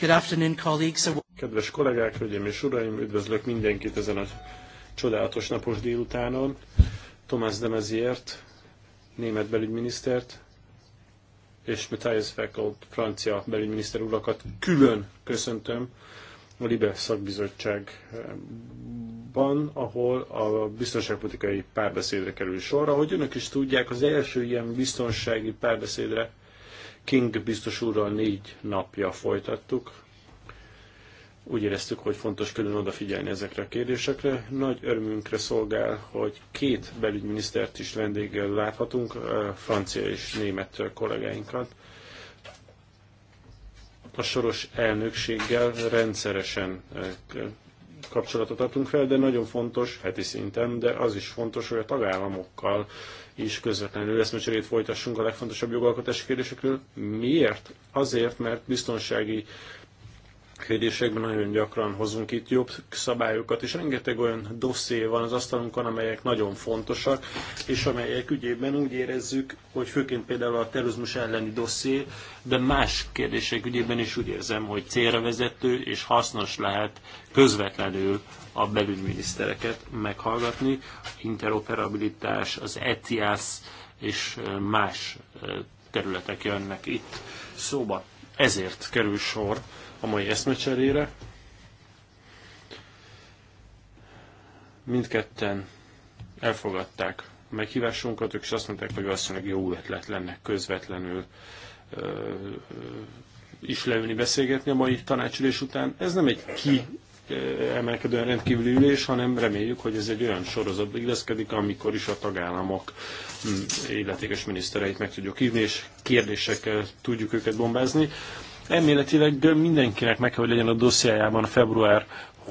Good afternoon, colleagues. Kedves kollégák, hölgyeim és uraim, üdvözlök mindenkit ezen a csodálatos napos délutánon. Tomás Demeziért, német belügyminisztert, és Matthias Fekkold, francia belügyminiszter urakat külön köszöntöm a Libe szakbizottságban, ahol a biztonságpolitikai párbeszédre kerül sorra. Hogy önök is tudják, az első ilyen biztonsági párbeszédre King biztos úrral négy napja folytattuk. Úgy éreztük, hogy fontos külön odafigyelni ezekre a kérdésekre. Nagy örömünkre szolgál, hogy két belügyminisztert is vendéggel láthatunk, francia és német kollégáinkat. A soros elnökséggel rendszeresen e, kapcsolatot adtunk fel, de nagyon fontos heti szinten, de az is fontos, hogy a tagállamokkal is közvetlenül eszmecserét folytassunk a legfontosabb jogalkotási kérdésekről. Miért? Azért, mert biztonsági kérdésekben nagyon gyakran hozunk itt jobb szabályokat, és rengeteg olyan dosszé van az asztalunkon, amelyek nagyon fontosak, és amelyek ügyében úgy érezzük, hogy főként például a terrorizmus elleni dosszé, de más kérdések ügyében is úgy érzem, hogy célra vezető és hasznos lehet közvetlenül a belügyminisztereket meghallgatni. Interoperabilitás, az ETIAS és más területek jönnek itt szóba. Ezért kerül sor a mai eszmecserére. Mindketten elfogadták a meghívásunkat, ők is azt mondták, hogy valószínűleg jó ötlet lenne közvetlenül is leülni beszélgetni a mai tanácsülés után. Ez nem egy ki emelkedően rendkívüli ülés, hanem reméljük, hogy ez egy olyan sorozatba illeszkedik, amikor is a tagállamok hm, illetékes minisztereit meg tudjuk hívni, és kérdésekkel tudjuk őket bombázni. Elméletileg mindenkinek meg kell, hogy legyen a dossziájában a február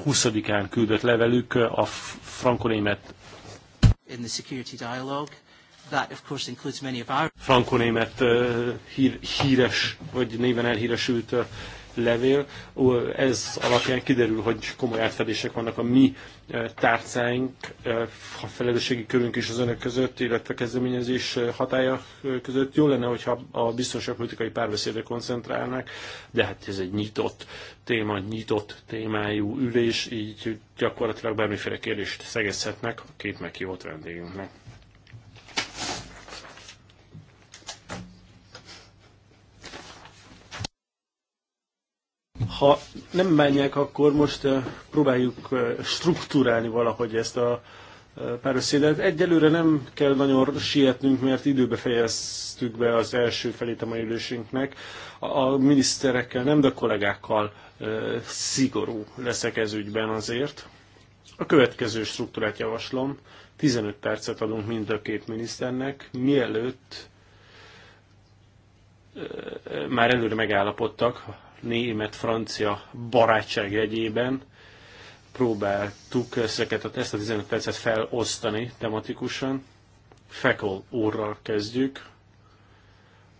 20-án küldött levelük a frankonémet in the security dialogue. That of course includes many of our... Eh, hír, híres, vagy néven elhíresült eh, levél. Ez alapján kiderül, hogy komoly átfedések vannak a mi e, tárcáink, e, a felelősségi körünk is az önök között, illetve kezdeményezés e, hatája között. Jó lenne, hogyha a biztonságpolitikai párbeszédre koncentrálnak, de hát ez egy nyitott téma, nyitott témájú ülés, így gyakorlatilag bármiféle kérdést szegezhetnek a két meghívott vendégünknek. Ha nem bánják, akkor most próbáljuk struktúrálni valahogy ezt a párbeszédet. Egyelőre nem kell nagyon sietnünk, mert időbe fejeztük be az első felét a mai ülésünknek. A miniszterekkel nem, de a kollégákkal szigorú leszek ez ügyben azért. A következő struktúrát javaslom. 15 percet adunk mind a két miniszternek, mielőtt már előre megállapodtak, német-francia barátság jegyében próbáltuk ezeket a, ezt a 15 percet felosztani tematikusan. Fekol úrral kezdjük,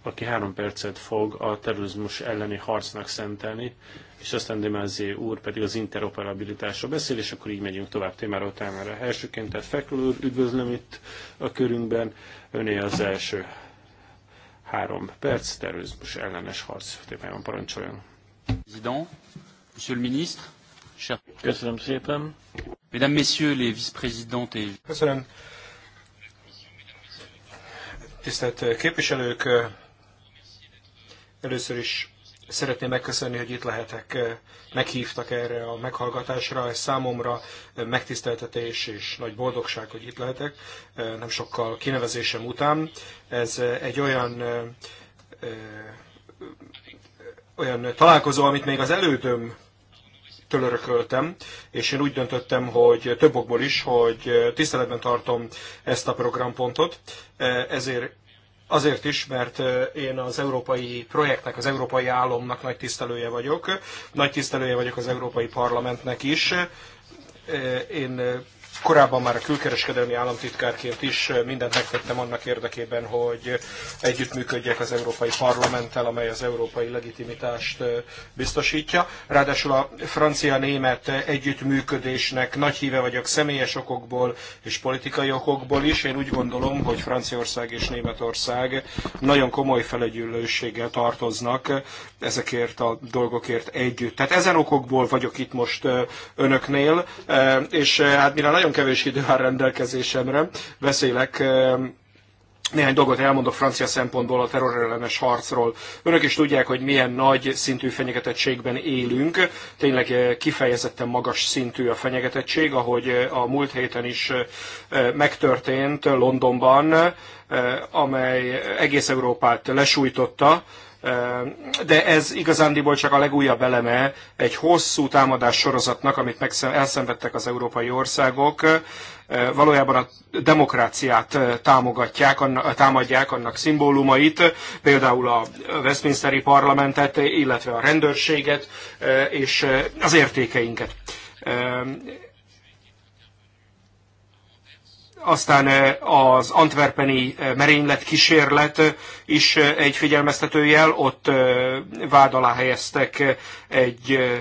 aki három percet fog a terrorizmus elleni harcnak szentelni, és aztán Demázé úr pedig az interoperabilitásra beszél, és akkor így megyünk tovább témára témára. Elsőként tehát Fekol úr, üdvözlöm itt a körünkben, öné az első három perc terrorizmus ellenes harc témájában parancsoljon. Monsieur le ministre, cher... Mesdames, Messieurs les vice-présidentes et... Köszönöm. Tisztelt képviselők, először is szeretném megköszönni, hogy itt lehetek, meghívtak erre a meghallgatásra. Ez számomra megtiszteltetés és nagy boldogság, hogy itt lehetek, nem sokkal kinevezésem után. Ez egy olyan olyan találkozó, amit még az elődöm tölörököltem, és én úgy döntöttem, hogy több okból is, hogy tiszteletben tartom ezt a programpontot, ezért Azért is, mert én az európai projektnek, az európai álomnak nagy tisztelője vagyok, nagy tisztelője vagyok az Európai Parlamentnek is. Én korábban már a külkereskedelmi államtitkárként is mindent megtettem annak érdekében, hogy együttműködjek az Európai Parlamenttel, amely az európai legitimitást biztosítja. Ráadásul a francia-német együttműködésnek nagy híve vagyok személyes okokból és politikai okokból is. Én úgy gondolom, hogy Franciaország és Németország nagyon komoly felegyűlőséggel tartoznak ezekért a dolgokért együtt. Tehát ezen okokból vagyok itt most önöknél, és hát mire nagyon kevés idő áll rendelkezésemre. Beszélek eh, néhány dolgot elmondok francia szempontból a terrorellenes harcról. Önök is tudják, hogy milyen nagy szintű fenyegetettségben élünk. Tényleg eh, kifejezetten magas szintű a fenyegetettség, ahogy eh, a múlt héten is megtörtént Londonban, amely egész Európát lesújtotta de ez igazándiból csak a legújabb eleme egy hosszú támadás sorozatnak, amit elszenvedtek az európai országok. Valójában a demokráciát támogatják, támadják annak szimbólumait, például a Westminsteri parlamentet, illetve a rendőrséget és az értékeinket aztán eh, az antwerpeni eh, merénylet kísérlet eh, is egy figyelmeztetőjel, ott vád alá helyeztek egy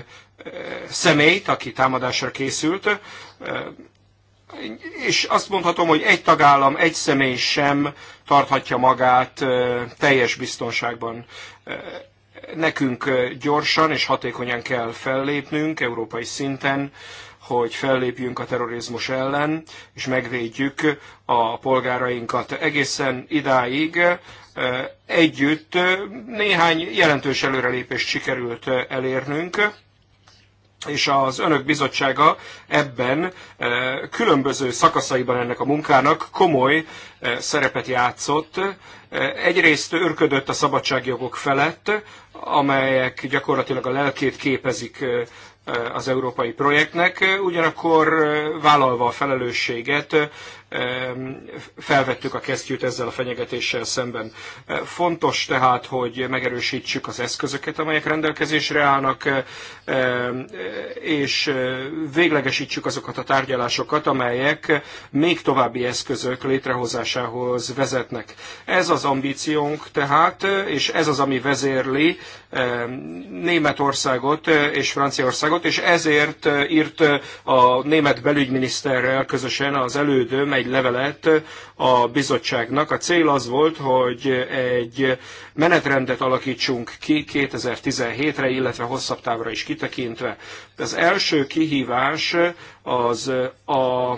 személyt, aki támadásra készült, és azt mondhatom, hogy egy tagállam, egy személy sem tarthatja magát teljes biztonságban. Nekünk gyorsan és hatékonyan kell fellépnünk európai szinten, hogy fellépjünk a terrorizmus ellen, és megvédjük a polgárainkat. Egészen idáig együtt néhány jelentős előrelépést sikerült elérnünk, és az önök bizottsága ebben különböző szakaszaiban ennek a munkának komoly szerepet játszott. Egyrészt őrködött a szabadságjogok felett, amelyek gyakorlatilag a lelkét képezik az európai projektnek, ugyanakkor vállalva a felelősséget felvettük a kesztyűt ezzel a fenyegetéssel szemben. Fontos tehát, hogy megerősítsük az eszközöket, amelyek rendelkezésre állnak, és véglegesítsük azokat a tárgyalásokat, amelyek még további eszközök létrehozásához vezetnek. Ez az ambíciónk tehát, és ez az, ami vezérli Németországot eh, és Franciaországot, és ezért eh, írt eh, a német belügyminiszterrel közösen az elődöm egy egy levelet a bizottságnak. A cél az volt, hogy egy menetrendet alakítsunk ki 2017-re, illetve hosszabb távra is kitekintve. Az első kihívás az a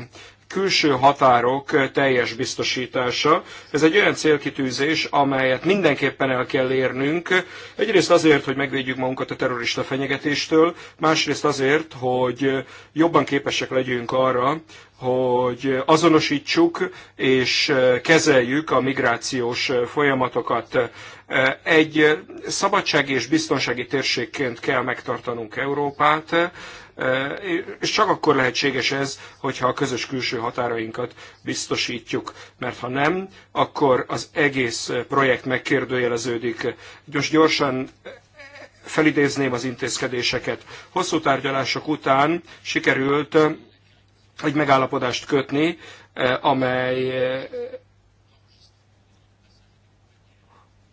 külső határok teljes biztosítása. Ez egy olyan célkitűzés, amelyet mindenképpen el kell érnünk. Egyrészt azért, hogy megvédjük magunkat a terrorista fenyegetéstől, másrészt azért, hogy jobban képesek legyünk arra, hogy azonosítsuk és eh, kezeljük a migrációs eh, folyamatokat. Eh, egy szabadsági és biztonsági térségként kell megtartanunk Európát, és csak akkor lehetséges ez, hogyha a közös külső határainkat biztosítjuk, mert ha nem, akkor az egész projekt megkérdőjeleződik. Most gyorsan felidézném az intézkedéseket. Hosszú tárgyalások után sikerült egy megállapodást kötni, eh, amely eh,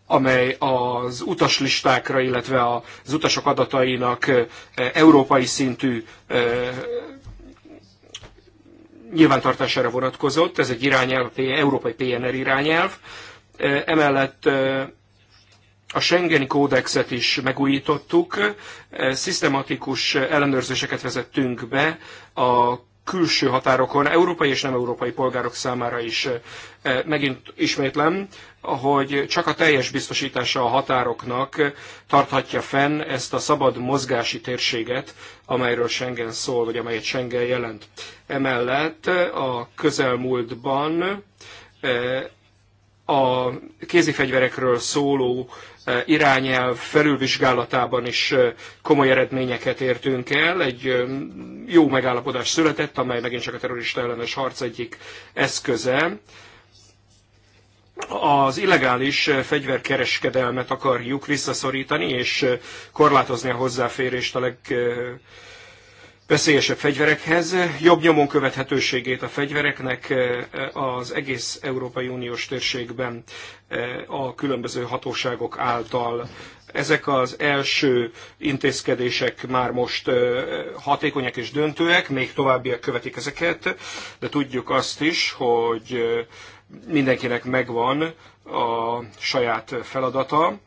amely az utaslistákra, illetve az utasok adatainak eh, európai szintű nyilvántartására vonatkozott. Ez egy irányelv, európai PNR irányelv. Emellett a Schengeni kódexet is megújítottuk, szisztematikus ellenőrzéseket vezettünk be a külső határokon, európai és nem európai polgárok számára is. Eh, megint ismétlem, hogy csak a teljes biztosítása a határoknak tarthatja fenn ezt a szabad mozgási térséget, amelyről Schengen szól, vagy amelyet Schengen jelent. Emellett a közelmúltban eh, a kézifegyverekről szóló e, irányelv felülvizsgálatában is e, komoly eredményeket értünk el. Egy e, jó megállapodás született, amely megint csak a terrorista ellenes harc egyik eszköze. Az illegális fegyverkereskedelmet akarjuk visszaszorítani és korlátozni a hozzáférést a leg veszélyesebb fegyverekhez, jobb nyomon követhetőségét a fegyvereknek eh, az egész Európai Uniós térségben eh, a különböző hatóságok által. Ezek az első intézkedések már most eh, hatékonyak és döntőek, még továbbiak követik ezeket, de tudjuk azt is, hogy mindenkinek megvan a saját feladata.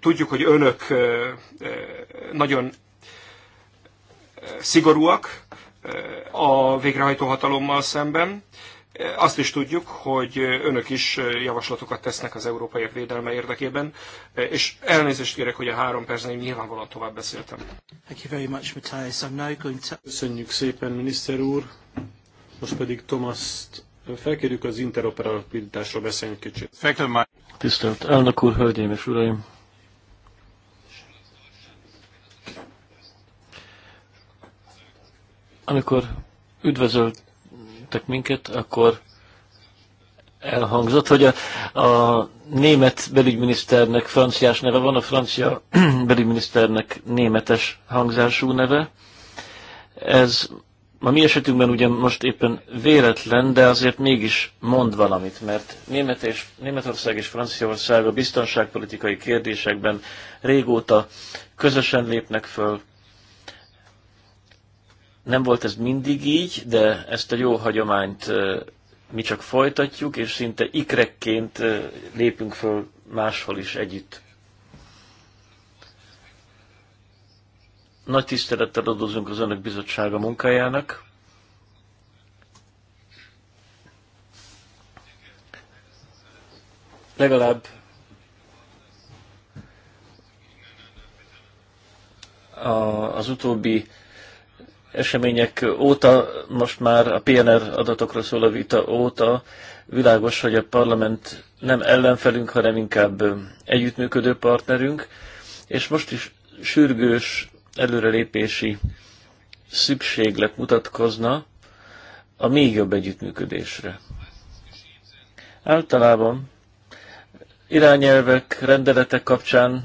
Tudjuk, hogy önök nagyon szigorúak a végrehajtó hatalommal szemben. Azt is tudjuk, hogy önök is javaslatokat tesznek az európaiak védelme érdekében, és elnézést kérek, hogy a három percnél nyilvánvalóan tovább beszéltem. Thank you very much, Matthias. I'm now going to... Köszönjük szépen, miniszter úr. Most pedig Thomas. felkérjük az interoperabilitásról beszélni kicsit. Tisztelt elnök úr, hölgyeim és uraim! Amikor üdvözöltek minket, akkor elhangzott, hogy a, a német belügyminiszternek franciás neve van, a francia belügyminiszternek németes hangzású neve. Ez a mi esetünkben ugye most éppen véletlen, de azért mégis mond valamit, mert Német és, Németország és Franciaország a biztonságpolitikai kérdésekben régóta közösen lépnek föl, nem volt ez mindig így, de ezt a jó hagyományt mi csak folytatjuk, és szinte ikrekként lépünk föl máshol is együtt. Nagy tisztelettel adózunk az Önök bizottsága munkájának. Legalább az utóbbi események óta, most már a PNR adatokról szól a vita óta világos, hogy a parlament nem ellenfelünk, hanem inkább együttműködő partnerünk, és most is sürgős előrelépési szükséglet mutatkozna a még jobb együttműködésre. Általában irányelvek, rendeletek kapcsán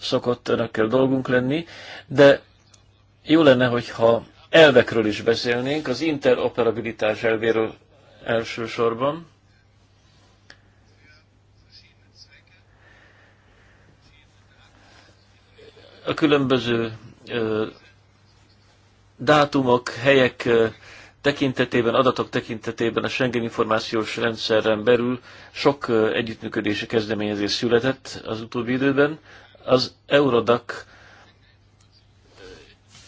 szokott önökkel dolgunk lenni, de jó lenne, hogyha elvekről is beszélnénk, az interoperabilitás elvéről elsősorban. A különböző ö, dátumok, helyek ö, tekintetében, adatok tekintetében a Schengen információs rendszeren belül sok együttműködési kezdeményezés született az utóbbi időben. Az Eurodac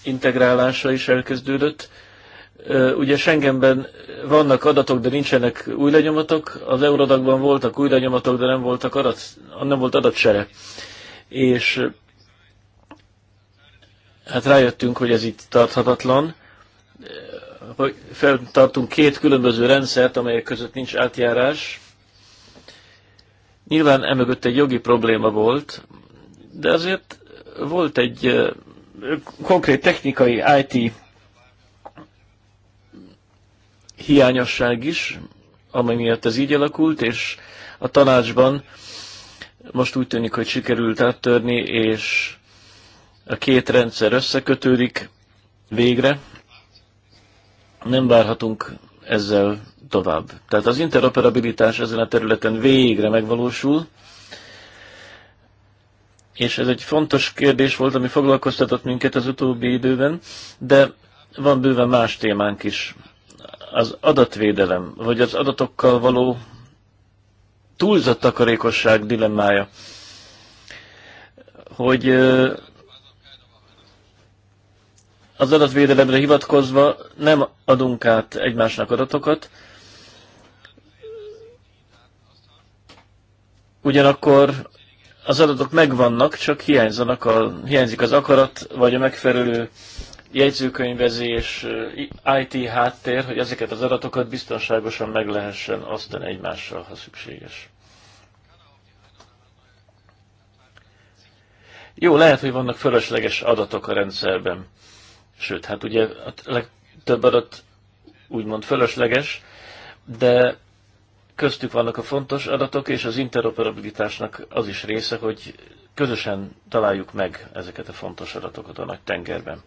integrálása is elkezdődött. Ugye Schengenben vannak adatok, de nincsenek új lenyomatok, az Eurodagban voltak új lenyomatok, de nem, voltak adat, nem volt adatsere. És hát rájöttünk, hogy ez itt tarthatatlan, hogy feltartunk két különböző rendszert, amelyek között nincs átjárás. Nyilván emögött egy jogi probléma volt, de azért volt egy konkrét technikai IT hiányosság is, amely miatt ez így alakult, és a tanácsban most úgy tűnik, hogy sikerült áttörni, és a két rendszer összekötődik végre. Nem várhatunk ezzel tovább. Tehát az interoperabilitás ezen a területen végre megvalósul, és ez egy fontos kérdés volt, ami foglalkoztatott minket az utóbbi időben, de van bőven más témánk is. Az adatvédelem, vagy az adatokkal való túlzott takarékosság dilemmája, hogy az adatvédelemre hivatkozva nem adunk át egymásnak adatokat, ugyanakkor az adatok megvannak, csak hiányzanak a, hiányzik az akarat, vagy a megfelelő jegyzőkönyvezés, IT háttér, hogy ezeket az adatokat biztonságosan meg lehessen osztani egymással, ha szükséges. Jó, lehet, hogy vannak fölösleges adatok a rendszerben. Sőt, hát ugye a legtöbb adat úgymond fölösleges, de köztük vannak a fontos adatok, és az interoperabilitásnak az is része, hogy közösen találjuk meg ezeket a fontos adatokat a nagy tengerben.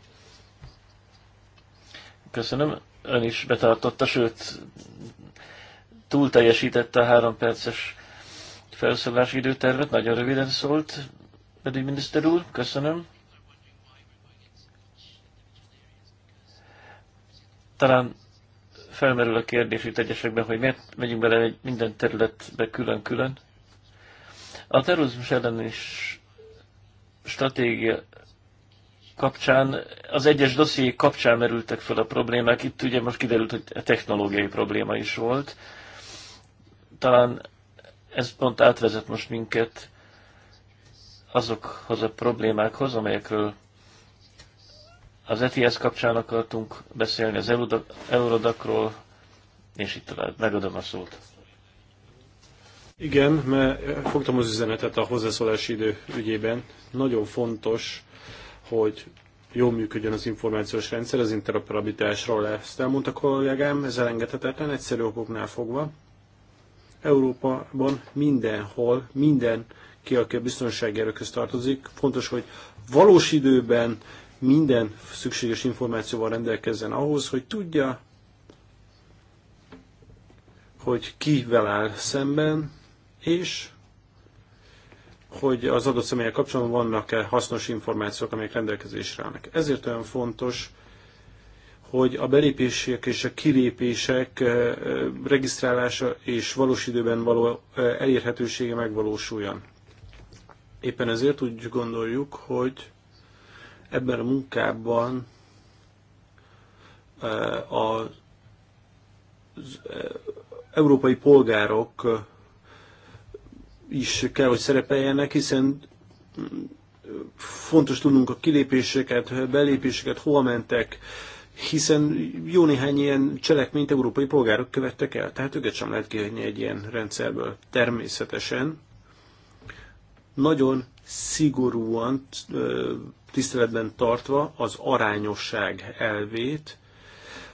Köszönöm, ön is betartotta, sőt, túl teljesítette a három perces felszólási időtervet, nagyon röviden szólt, pedig miniszter úr, köszönöm. Talán felmerül a kérdés itt egyesekben, hogy miért megyünk bele egy minden területbe külön-külön. A terrorizmus ellen is stratégia kapcsán, az egyes dossziék kapcsán merültek fel a problémák. Itt ugye most kiderült, hogy a technológiai probléma is volt. Talán ez pont átvezet most minket azokhoz a problémákhoz, amelyekről az ETS kapcsán akartunk beszélni, az Eurodakról, és itt tovább. Megadom a szót. Igen, mert fogtam az üzenetet a hozzászólási idő ügyében. Nagyon fontos, hogy jól működjön az információs rendszer, az interoperabilitásról ezt elmondta kollégám, ez elengedhetetlen, egyszerű okoknál fogva. Európában mindenhol, minden ki, aki a biztonsági erőköz tartozik, fontos, hogy valós időben minden szükséges információval rendelkezzen ahhoz, hogy tudja, hogy kivel áll szemben, és hogy az adott személyek kapcsolatban vannak-e hasznos információk, amelyek rendelkezésre állnak. Ezért olyan fontos, hogy a belépések és a kilépések regisztrálása és valós időben való elérhetősége megvalósuljon. Éppen ezért úgy gondoljuk, hogy Ebben a munkában e, az e, európai polgárok e, is kell, hogy szerepeljenek, hiszen mm, fontos tudnunk a kilépéseket, belépéseket, hol mentek, hiszen jó néhány ilyen cselekményt európai polgárok követtek el, tehát őket sem lehet kihagyni egy ilyen rendszerből. Természetesen nagyon szigorúan tiszteletben tartva az arányosság elvét,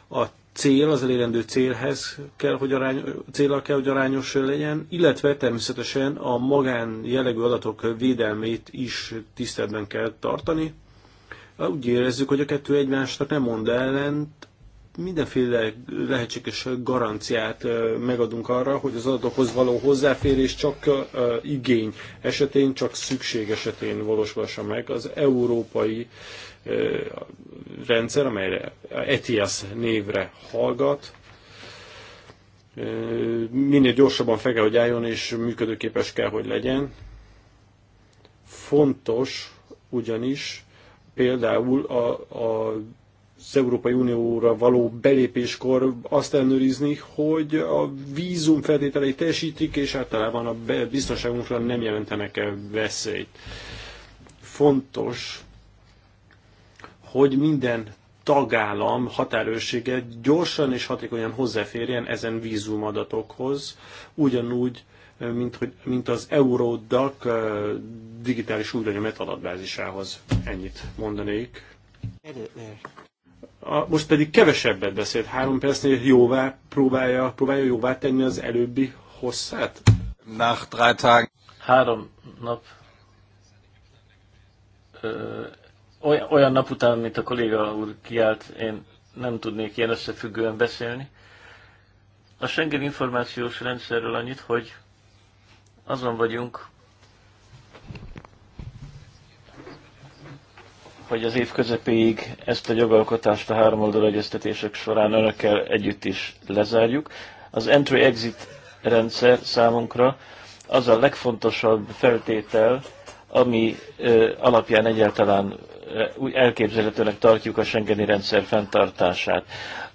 a cél, az elérendő célhez kell, hogy arány, célra kell, hogy arányos legyen, illetve természetesen a magán jellegű adatok védelmét is tiszteletben kell tartani. Úgy érezzük, hogy a kettő egymásnak nem mond ellent, mindenféle lehetséges garanciát megadunk arra, hogy az adatokhoz való hozzáférés csak igény esetén, csak szükség esetén valósulhassa meg. Az európai rendszer, amelyre ETIAS névre hallgat, minél gyorsabban fel kell, hogy álljon, és működőképes kell, hogy legyen. Fontos ugyanis például a, a az Európai Unióra való belépéskor azt ellenőrizni, hogy a vízum feltételeit teljesítik, és általában a biztonságunkra nem jelentenek -e veszélyt. Fontos, hogy minden tagállam határőrsége gyorsan és hatékonyan hozzáférjen ezen vízumadatokhoz, ugyanúgy, mint, hogy, mint az Eurodac eh, digitális újranyomet adatbázisához. Ennyit mondanék a, most pedig kevesebbet beszélt. Három percnél jóvá próbálja, próbálja jóvá tenni az előbbi hosszát? Nach drei Tagen. Három nap. Ö, olyan, olyan nap után, mint a kolléga úr kiált, én nem tudnék ilyen összefüggően beszélni. A Schengen információs rendszerről annyit, hogy azon vagyunk, hogy az év közepéig ezt a jogalkotást a oldal egyeztetések során önökkel együtt is lezárjuk. Az entry-exit rendszer számunkra az a legfontosabb feltétel, ami ö, alapján egyáltalán úgy elképzelhetőnek tartjuk a Schengeni rendszer fenntartását.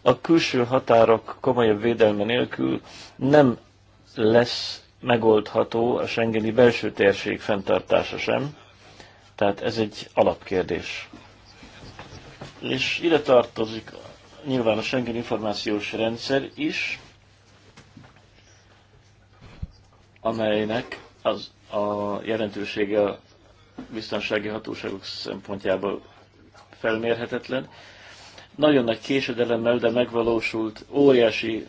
A külső határok komolyabb védelme nélkül nem lesz megoldható a Schengeni belső térség fenntartása sem, tehát ez egy alapkérdés és ide tartozik nyilván a Schengen információs rendszer is, amelynek az a jelentősége a biztonsági hatóságok szempontjából felmérhetetlen. Nagyon nagy késedelemmel, de megvalósult óriási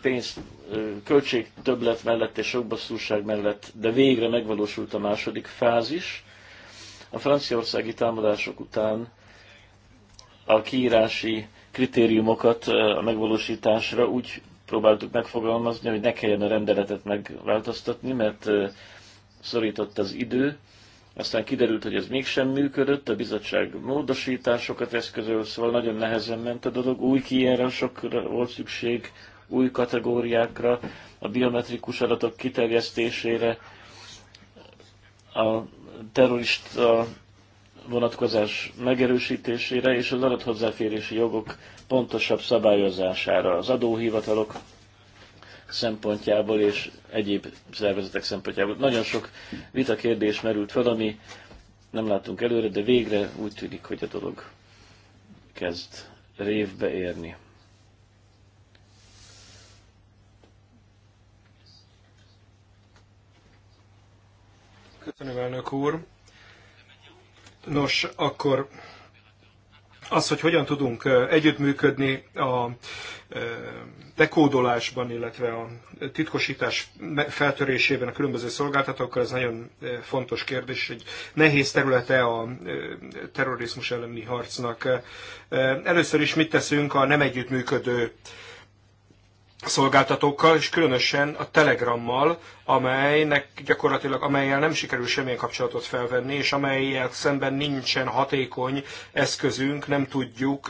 pénz, ö, mellett és basszúság mellett, de végre megvalósult a második fázis. A franciaországi támadások után a kiírási kritériumokat a megvalósításra úgy próbáltuk megfogalmazni, hogy ne kelljen a rendeletet megváltoztatni, mert szorított az idő. Aztán kiderült, hogy ez mégsem működött, a bizottság módosításokat eszközöl, szóval nagyon nehezen ment a dolog, új kiírásokra volt szükség, új kategóriákra, a biometrikus adatok kiterjesztésére, a terrorista vonatkozás megerősítésére és az adathozzáférési jogok pontosabb szabályozására az adóhivatalok szempontjából és egyéb szervezetek szempontjából. Nagyon sok vita kérdés merült fel, ami nem látunk előre, de végre úgy tűnik, hogy a dolog kezd révbe érni. Köszönöm, elnök úr! Nos, akkor az, hogy hogyan tudunk együttműködni a dekódolásban, illetve a titkosítás feltörésében a különböző szolgáltatókkal, ez nagyon fontos kérdés, egy nehéz területe a terrorizmus elleni harcnak. Először is mit teszünk a nem együttműködő szolgáltatókkal, és különösen a Telegrammal, amelynek gyakorlatilag, amelyel nem sikerül semmilyen kapcsolatot felvenni, és amelyel szemben nincsen hatékony eszközünk, nem tudjuk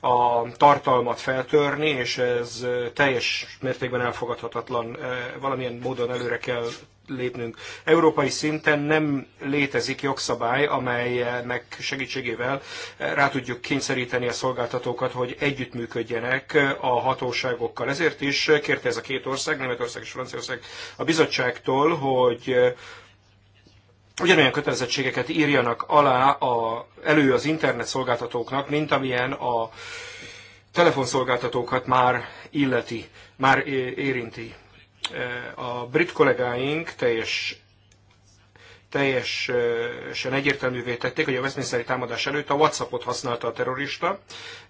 a tartalmat feltörni, és ez teljes mértékben elfogadhatatlan, eh, valamilyen módon előre kell lépnünk. Európai szinten nem létezik jogszabály, amelynek segítségével eh, rá tudjuk kényszeríteni a szolgáltatókat, hogy együttműködjenek eh, a hatóságokkal. Ezért is eh, kérte ez a két ország, Németország és Franciaország a bizottságtól, hogy ugyanolyan kötelezettségeket írjanak alá a, elő az internet szolgáltatóknak, mint amilyen a telefonszolgáltatókat már illeti, már érinti a brit kollégáink teljes teljesen egyértelművé tették, hogy a Westminsteri támadás előtt a WhatsAppot használta a terrorista,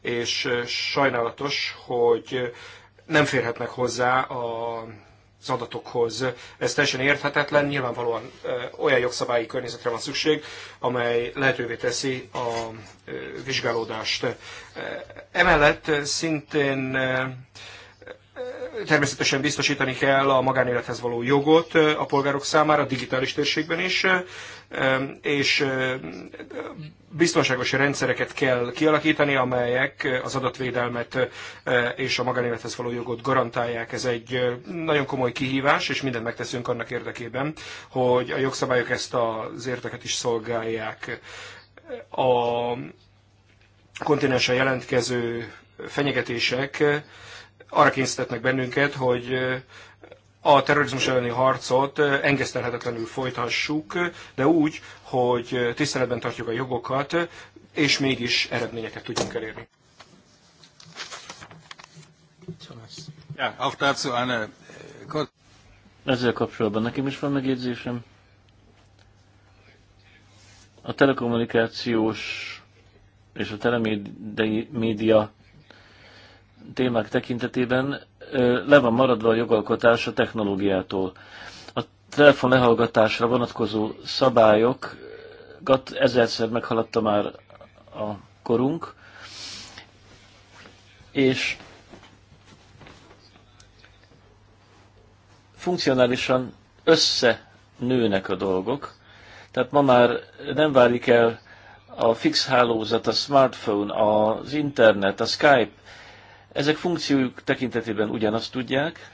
és sajnálatos, hogy nem férhetnek hozzá a az adatokhoz. Ez teljesen érthetetlen, nyilvánvalóan olyan jogszabályi környezetre van szükség, amely lehetővé teszi a vizsgálódást. Emellett szintén Természetesen biztosítani kell a magánélethez való jogot a polgárok számára, a digitális térségben is, és biztonságos rendszereket kell kialakítani, amelyek az adatvédelmet és a magánélethez való jogot garantálják. Ez egy nagyon komoly kihívás, és mindent megteszünk annak érdekében, hogy a jogszabályok ezt az érteket is szolgálják. A kontinensen jelentkező fenyegetések arra kényszerítetnek bennünket, hogy a terrorizmus elleni harcot engesztelhetetlenül folytassuk, de úgy, hogy tiszteletben tartjuk a jogokat, és mégis eredményeket tudjunk elérni. Äh, Ezzel kapcsolatban nekem is van megjegyzésem. A telekommunikációs és a telemédia témák tekintetében le van maradva a jogalkotás a technológiától. A telefon lehallgatásra vonatkozó szabályokat ezerszer meghaladta már a korunk, és funkcionálisan összenőnek a dolgok. Tehát ma már nem válik el a fix hálózat, a smartphone, az internet, a Skype, ezek funkciójuk tekintetében ugyanazt tudják,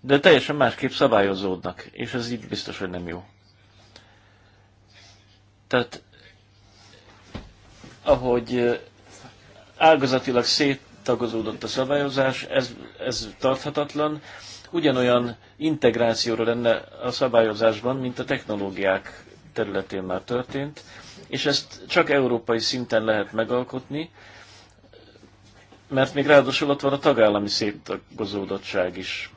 de teljesen másképp szabályozódnak, és ez így biztos, hogy nem jó. Tehát, ahogy ágazatilag széttagozódott a szabályozás, ez, ez tarthatatlan, ugyanolyan integrációra lenne a szabályozásban, mint a technológiák területén már történt, és ezt csak európai szinten lehet megalkotni, mert még ráadásul ott van a tagállami széttagozódottság is.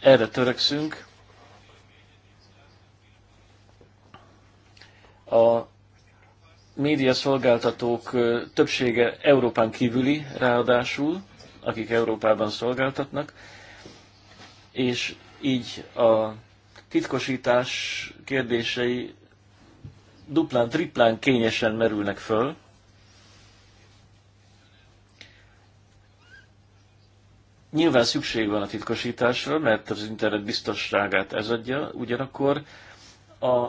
Erre törekszünk. A médiaszolgáltatók többsége Európán kívüli ráadásul, akik Európában szolgáltatnak, és így a titkosítás kérdései duplán, triplán kényesen merülnek föl, Nyilván szükség van a titkosításra, mert az internet biztonságát ez adja, ugyanakkor a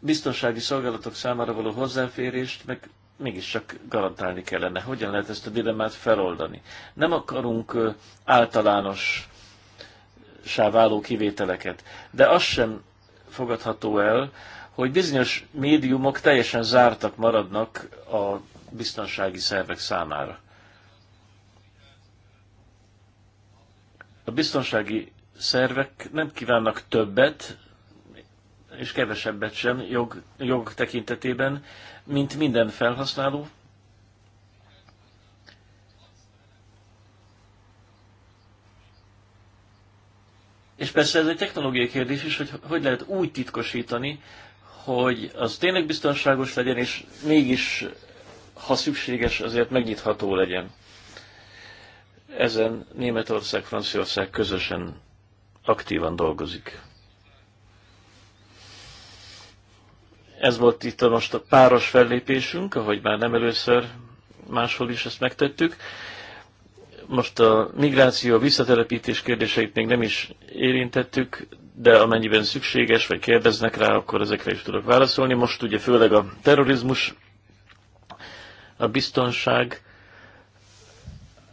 biztonsági szolgálatok számára való hozzáférést meg mégiscsak garantálni kellene. Hogyan lehet ezt a dilemmát feloldani? Nem akarunk általános váló kivételeket, de az sem fogadható el, hogy bizonyos médiumok teljesen zártak maradnak a biztonsági szervek számára. A biztonsági szervek nem kívánnak többet, és kevesebbet sem jog, jog tekintetében, mint minden felhasználó. És persze ez egy technológiai kérdés is, hogy hogy lehet úgy titkosítani, hogy az tényleg biztonságos legyen, és mégis, ha szükséges, azért megnyitható legyen. Ezen Németország, Franciaország közösen aktívan dolgozik. Ez volt itt a most a páros fellépésünk, ahogy már nem először máshol is ezt megtettük. Most a migráció, a visszatelepítés kérdéseit még nem is érintettük, de amennyiben szükséges, vagy kérdeznek rá, akkor ezekre is tudok válaszolni. Most ugye főleg a terrorizmus, a biztonság,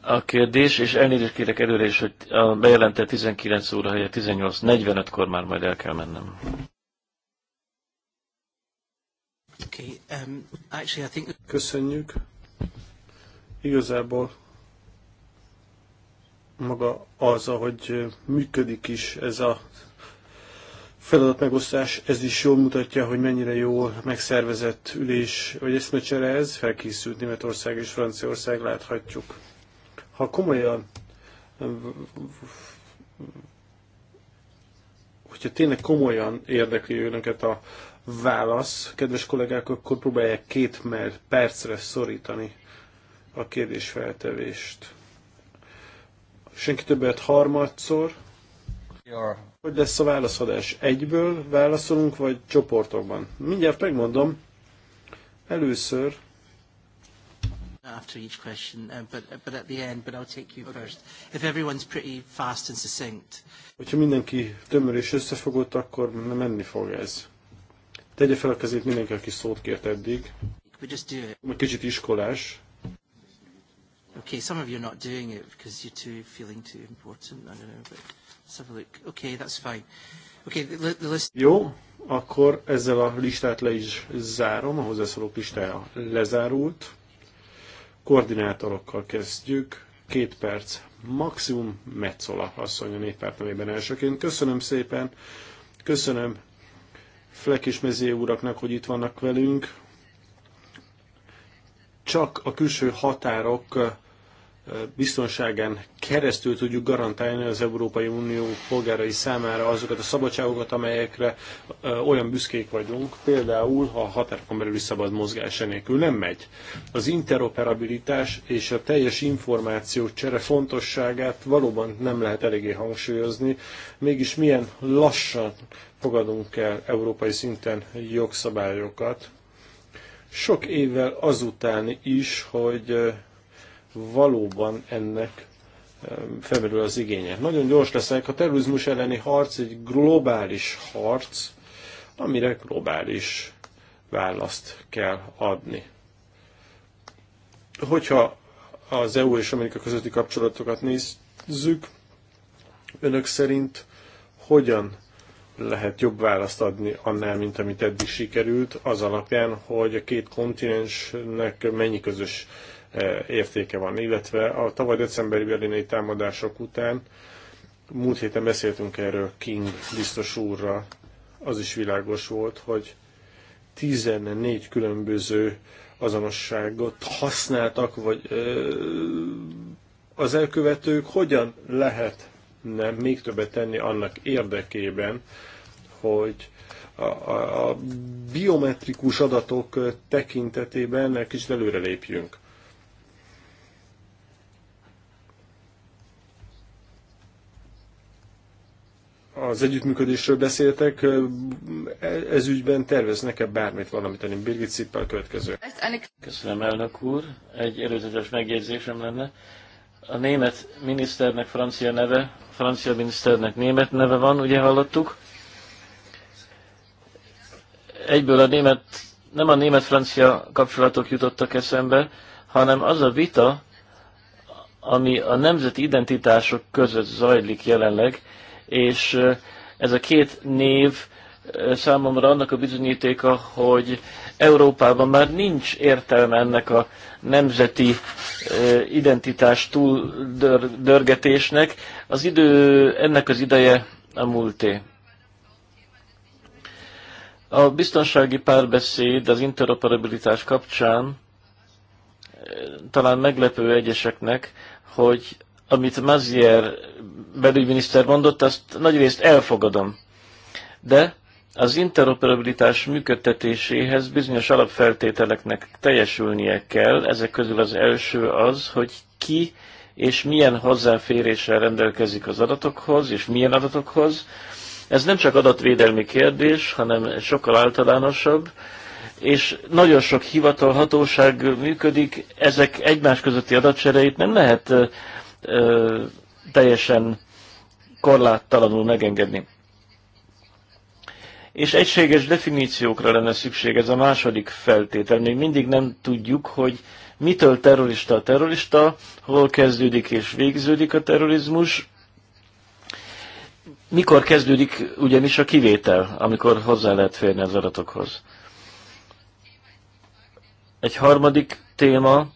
a kérdés, és elnézést kérek előre is, hogy a bejelentett 19 óra helyett 18.45-kor már majd el kell mennem. Okay, um, actually I think... Köszönjük. Igazából maga az, ahogy működik is ez a feladatmegosztás, ez is jól mutatja, hogy mennyire jól megszervezett ülés, vagy eszmecsere ez, felkészült Németország és Franciaország, láthatjuk. Ha komolyan, hogyha tényleg komolyan érdekli önöket a válasz, kedves kollégák, akkor próbálják két percre szorítani a kérdésfeltevést. Senki többet harmadszor. Hogy lesz a válaszadás? Egyből válaszolunk, vagy csoportokban? Mindjárt megmondom. Először after each question, uh, but, uh, but at the end, but I'll take you okay. first. If everyone's pretty fast and succinct. Hogyha mindenki tömör és összefogott, akkor menni fog ez. Tegye fel a kezét mindenki, aki szót kért eddig. We just do it. Egy kicsit iskolás. Okay, some of you are not doing it because you're too feeling too important. I don't know, but let's have a look. Okay, that's fine. Okay, the, the list... Jó, akkor ezzel a listát le is zárom, a hozzászólók listája lezárult. Koordinátorokkal kezdjük. Két perc maximum Metzola asszony a néppárt nevében elsőként. Köszönöm szépen, köszönöm Flek és Mezé uraknak, hogy itt vannak velünk. Csak a külső határok biztonságán keresztül tudjuk garantálni az Európai Unió polgárai számára azokat a szabadságokat, amelyekre olyan büszkék vagyunk, például a határokon belüli szabad mozgás enélkül nem megy. Az interoperabilitás és a teljes információ csere fontosságát valóban nem lehet eléggé hangsúlyozni, mégis milyen lassan fogadunk el európai szinten jogszabályokat, sok évvel azután is, hogy valóban ennek felmerül az igénye. Nagyon gyors leszek, a terrorizmus elleni harc egy globális harc, amire globális választ kell adni. Hogyha az EU és Amerika közötti kapcsolatokat nézzük, önök szerint hogyan lehet jobb választ adni annál, mint amit eddig sikerült, az alapján, hogy a két kontinensnek mennyi közös E, értéke van, illetve a tavaly decemberi berlinai támadások után múlt héten beszéltünk erről King biztos úrra, az is világos volt, hogy 14 különböző azonosságot használtak, vagy ö, e, az elkövetők hogyan lehetne még többet tenni annak érdekében, hogy a, a, a biometrikus adatok tekintetében kicsit előrelépjünk. az együttműködésről beszéltek, ez ügyben terveznek-e bármit valamit tenni? Birgit Cippel következő. Köszönöm, elnök úr. Egy előzetes megjegyzésem lenne. A német miniszternek francia neve, francia miniszternek német neve van, ugye hallottuk? Egyből a német, nem a német-francia kapcsolatok jutottak eszembe, hanem az a vita, ami a nemzeti identitások között zajlik jelenleg, és ez a két név számomra annak a bizonyítéka, hogy Európában már nincs értelme ennek a nemzeti identitás túl dörgetésnek. Az idő, ennek az ideje a múlté. A biztonsági párbeszéd az interoperabilitás kapcsán talán meglepő egyeseknek, hogy amit Mazier belügyminiszter mondott, azt nagyrészt elfogadom. De az interoperabilitás működtetéséhez bizonyos alapfeltételeknek teljesülnie kell, ezek közül az első az, hogy ki és milyen hozzáféréssel rendelkezik az adatokhoz, és milyen adatokhoz. Ez nem csak adatvédelmi kérdés, hanem sokkal általánosabb, és nagyon sok hivatalhatóság működik, ezek egymás közötti adatsereit nem lehet ö, teljesen korláttalanul megengedni. És egységes definíciókra lenne szükség, ez a második feltétel. Még mindig nem tudjuk, hogy mitől terrorista a terrorista, hol kezdődik és végződik a terrorizmus, mikor kezdődik ugyanis a kivétel, amikor hozzá lehet férni az adatokhoz. Egy harmadik téma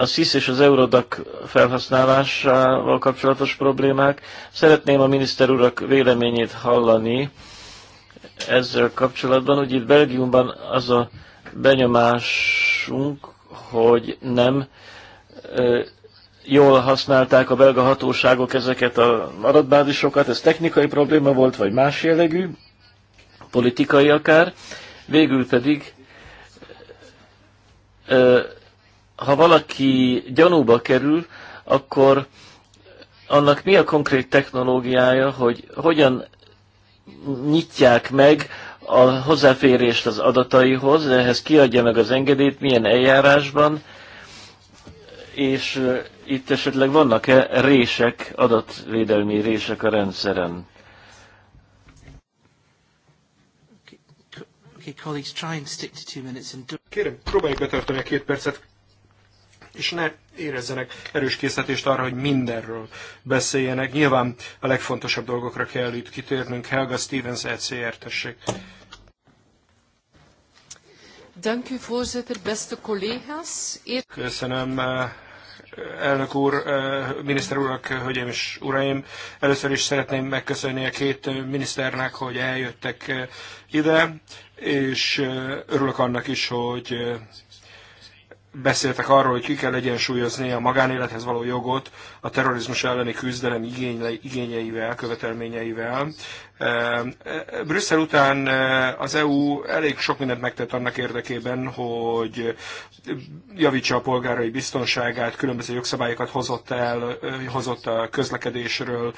a SZISZ és az Eurodac felhasználásával kapcsolatos problémák. Szeretném a miniszter urak véleményét hallani ezzel kapcsolatban. hogy itt Belgiumban az a benyomásunk, hogy nem jól használták a belga hatóságok ezeket a maradbázisokat, ez technikai probléma volt, vagy más jellegű, politikai akár. Végül pedig ha valaki gyanúba kerül, akkor annak mi a konkrét technológiája, hogy hogyan nyitják meg a hozzáférést az adataihoz, ehhez kiadja meg az engedélyt, milyen eljárásban, és itt esetleg vannak-e rések, adatvédelmi rések a rendszeren? Kérem, próbáljuk betartani a két percet, és ne érezzenek erős készítést arra, hogy mindenről beszéljenek. Nyilván a legfontosabb dolgokra kell itt kitérnünk. Helga Stevens, ECR, tessék. Köszönöm, eh, elnök úr, eh, miniszter urak, hölgyeim és uraim. Először is szeretném megköszönni a két miniszternek, hogy eljöttek eh, ide, és örülök annak is, hogy beszéltek arról, hogy ki kell egyensúlyozni a magánélethez való jogot a terrorizmus elleni küzdelem igényle, igényeivel, követelményeivel. Brüsszel után az EU elég sok mindent megtett annak érdekében, hogy javítsa a polgárai biztonságát, különböző jogszabályokat hozott el, hozott a közlekedésről,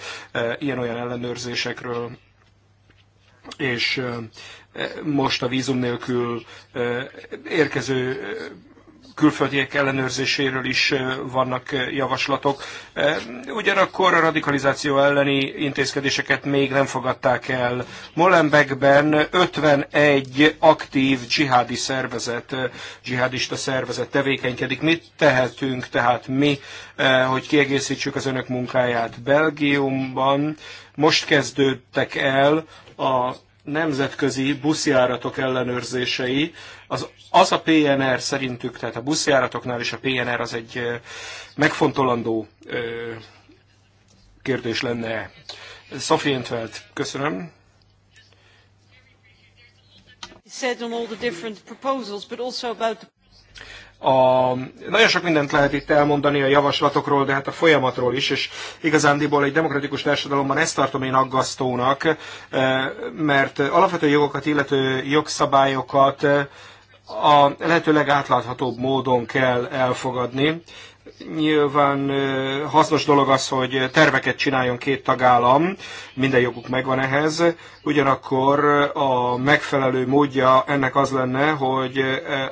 ilyen-olyan ellenőrzésekről, és most a vízum nélkül érkező külföldiek ellenőrzéséről is vannak javaslatok. Ugyanakkor a radikalizáció elleni intézkedéseket még nem fogadták el. Molenbeekben 51 aktív dzsihádi szervezet, dzsihádista szervezet tevékenykedik. Mit tehetünk tehát mi, hogy kiegészítsük az önök munkáját Belgiumban? Most kezdődtek el a nemzetközi buszjáratok ellenőrzései, az, az a PNR szerintük, tehát a buszjáratoknál is a PNR az egy megfontolandó kérdés lenne. Sophie Entvelt, köszönöm. A, nagyon sok mindent lehet itt elmondani a javaslatokról, de hát a folyamatról is, és igazándiból egy demokratikus társadalomban ezt tartom én aggasztónak, e, mert alapvető jogokat illető jogszabályokat e, a lehető legátláthatóbb módon kell elfogadni, Nyilván hasznos dolog az, hogy terveket csináljon két tagállam, minden joguk megvan ehhez, ugyanakkor a megfelelő módja ennek az lenne, hogy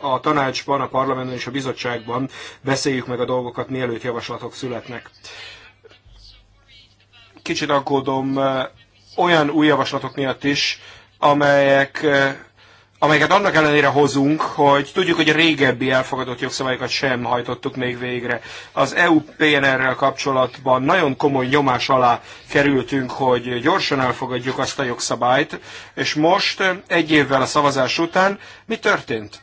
a tanácsban, a parlamentben és a bizottságban beszéljük meg a dolgokat, mielőtt javaslatok születnek. Kicsit aggódom olyan új javaslatok miatt is, amelyek amelyeket annak ellenére hozunk, hogy tudjuk, hogy a régebbi elfogadott jogszabályokat sem hajtottuk még végre. Az EU PNR-rel kapcsolatban nagyon komoly nyomás alá kerültünk, hogy gyorsan elfogadjuk azt a jogszabályt, és most egy évvel a szavazás után mi történt?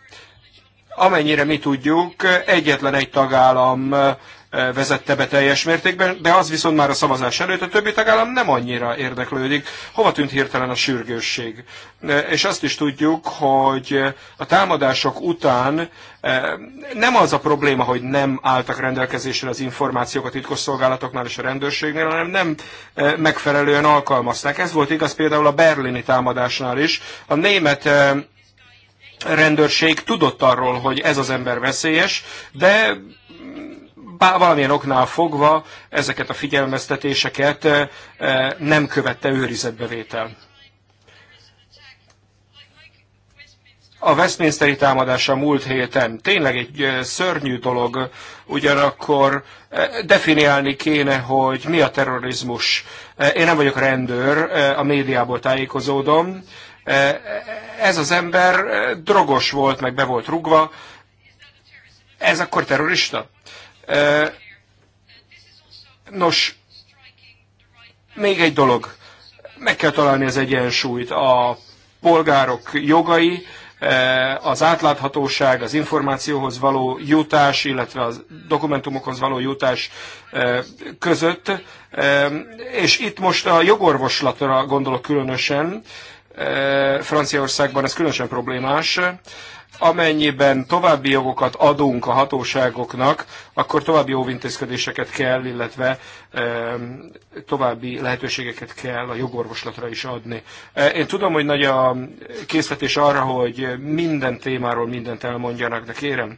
Amennyire mi tudjuk, egyetlen egy tagállam vezette be teljes mértékben, de az viszont már a szavazás előtt a többi tagállam nem annyira érdeklődik. Hova tűnt hirtelen a sürgősség? És azt is tudjuk, hogy a támadások után nem az a probléma, hogy nem álltak rendelkezésre az információk a titkosszolgálatoknál és a rendőrségnél, hanem nem megfelelően alkalmazták. Ez volt igaz például a berlini támadásnál is. A német rendőrség tudott arról, hogy ez az ember veszélyes, de valamilyen oknál fogva ezeket a figyelmeztetéseket nem követte őrizetbevétel. A Westminsteri támadása múlt héten tényleg egy szörnyű dolog, ugyanakkor definiálni kéne, hogy mi a terrorizmus. Én nem vagyok rendőr, a médiából tájékozódom. Ez az ember drogos volt, meg be volt rugva. Ez akkor terrorista? Nos, még egy dolog, meg kell találni az egyensúlyt. A polgárok jogai, az átláthatóság, az információhoz való jutás, illetve a dokumentumokhoz való jutás között. És itt most a jogorvoslatra gondolok különösen, Franciaországban ez különösen problémás. Amennyiben további jogokat adunk a hatóságoknak, akkor további óvintézkedéseket kell, illetve további lehetőségeket kell a jogorvoslatra is adni. Én tudom, hogy nagy a készletés arra, hogy minden témáról mindent elmondjanak, de kérem,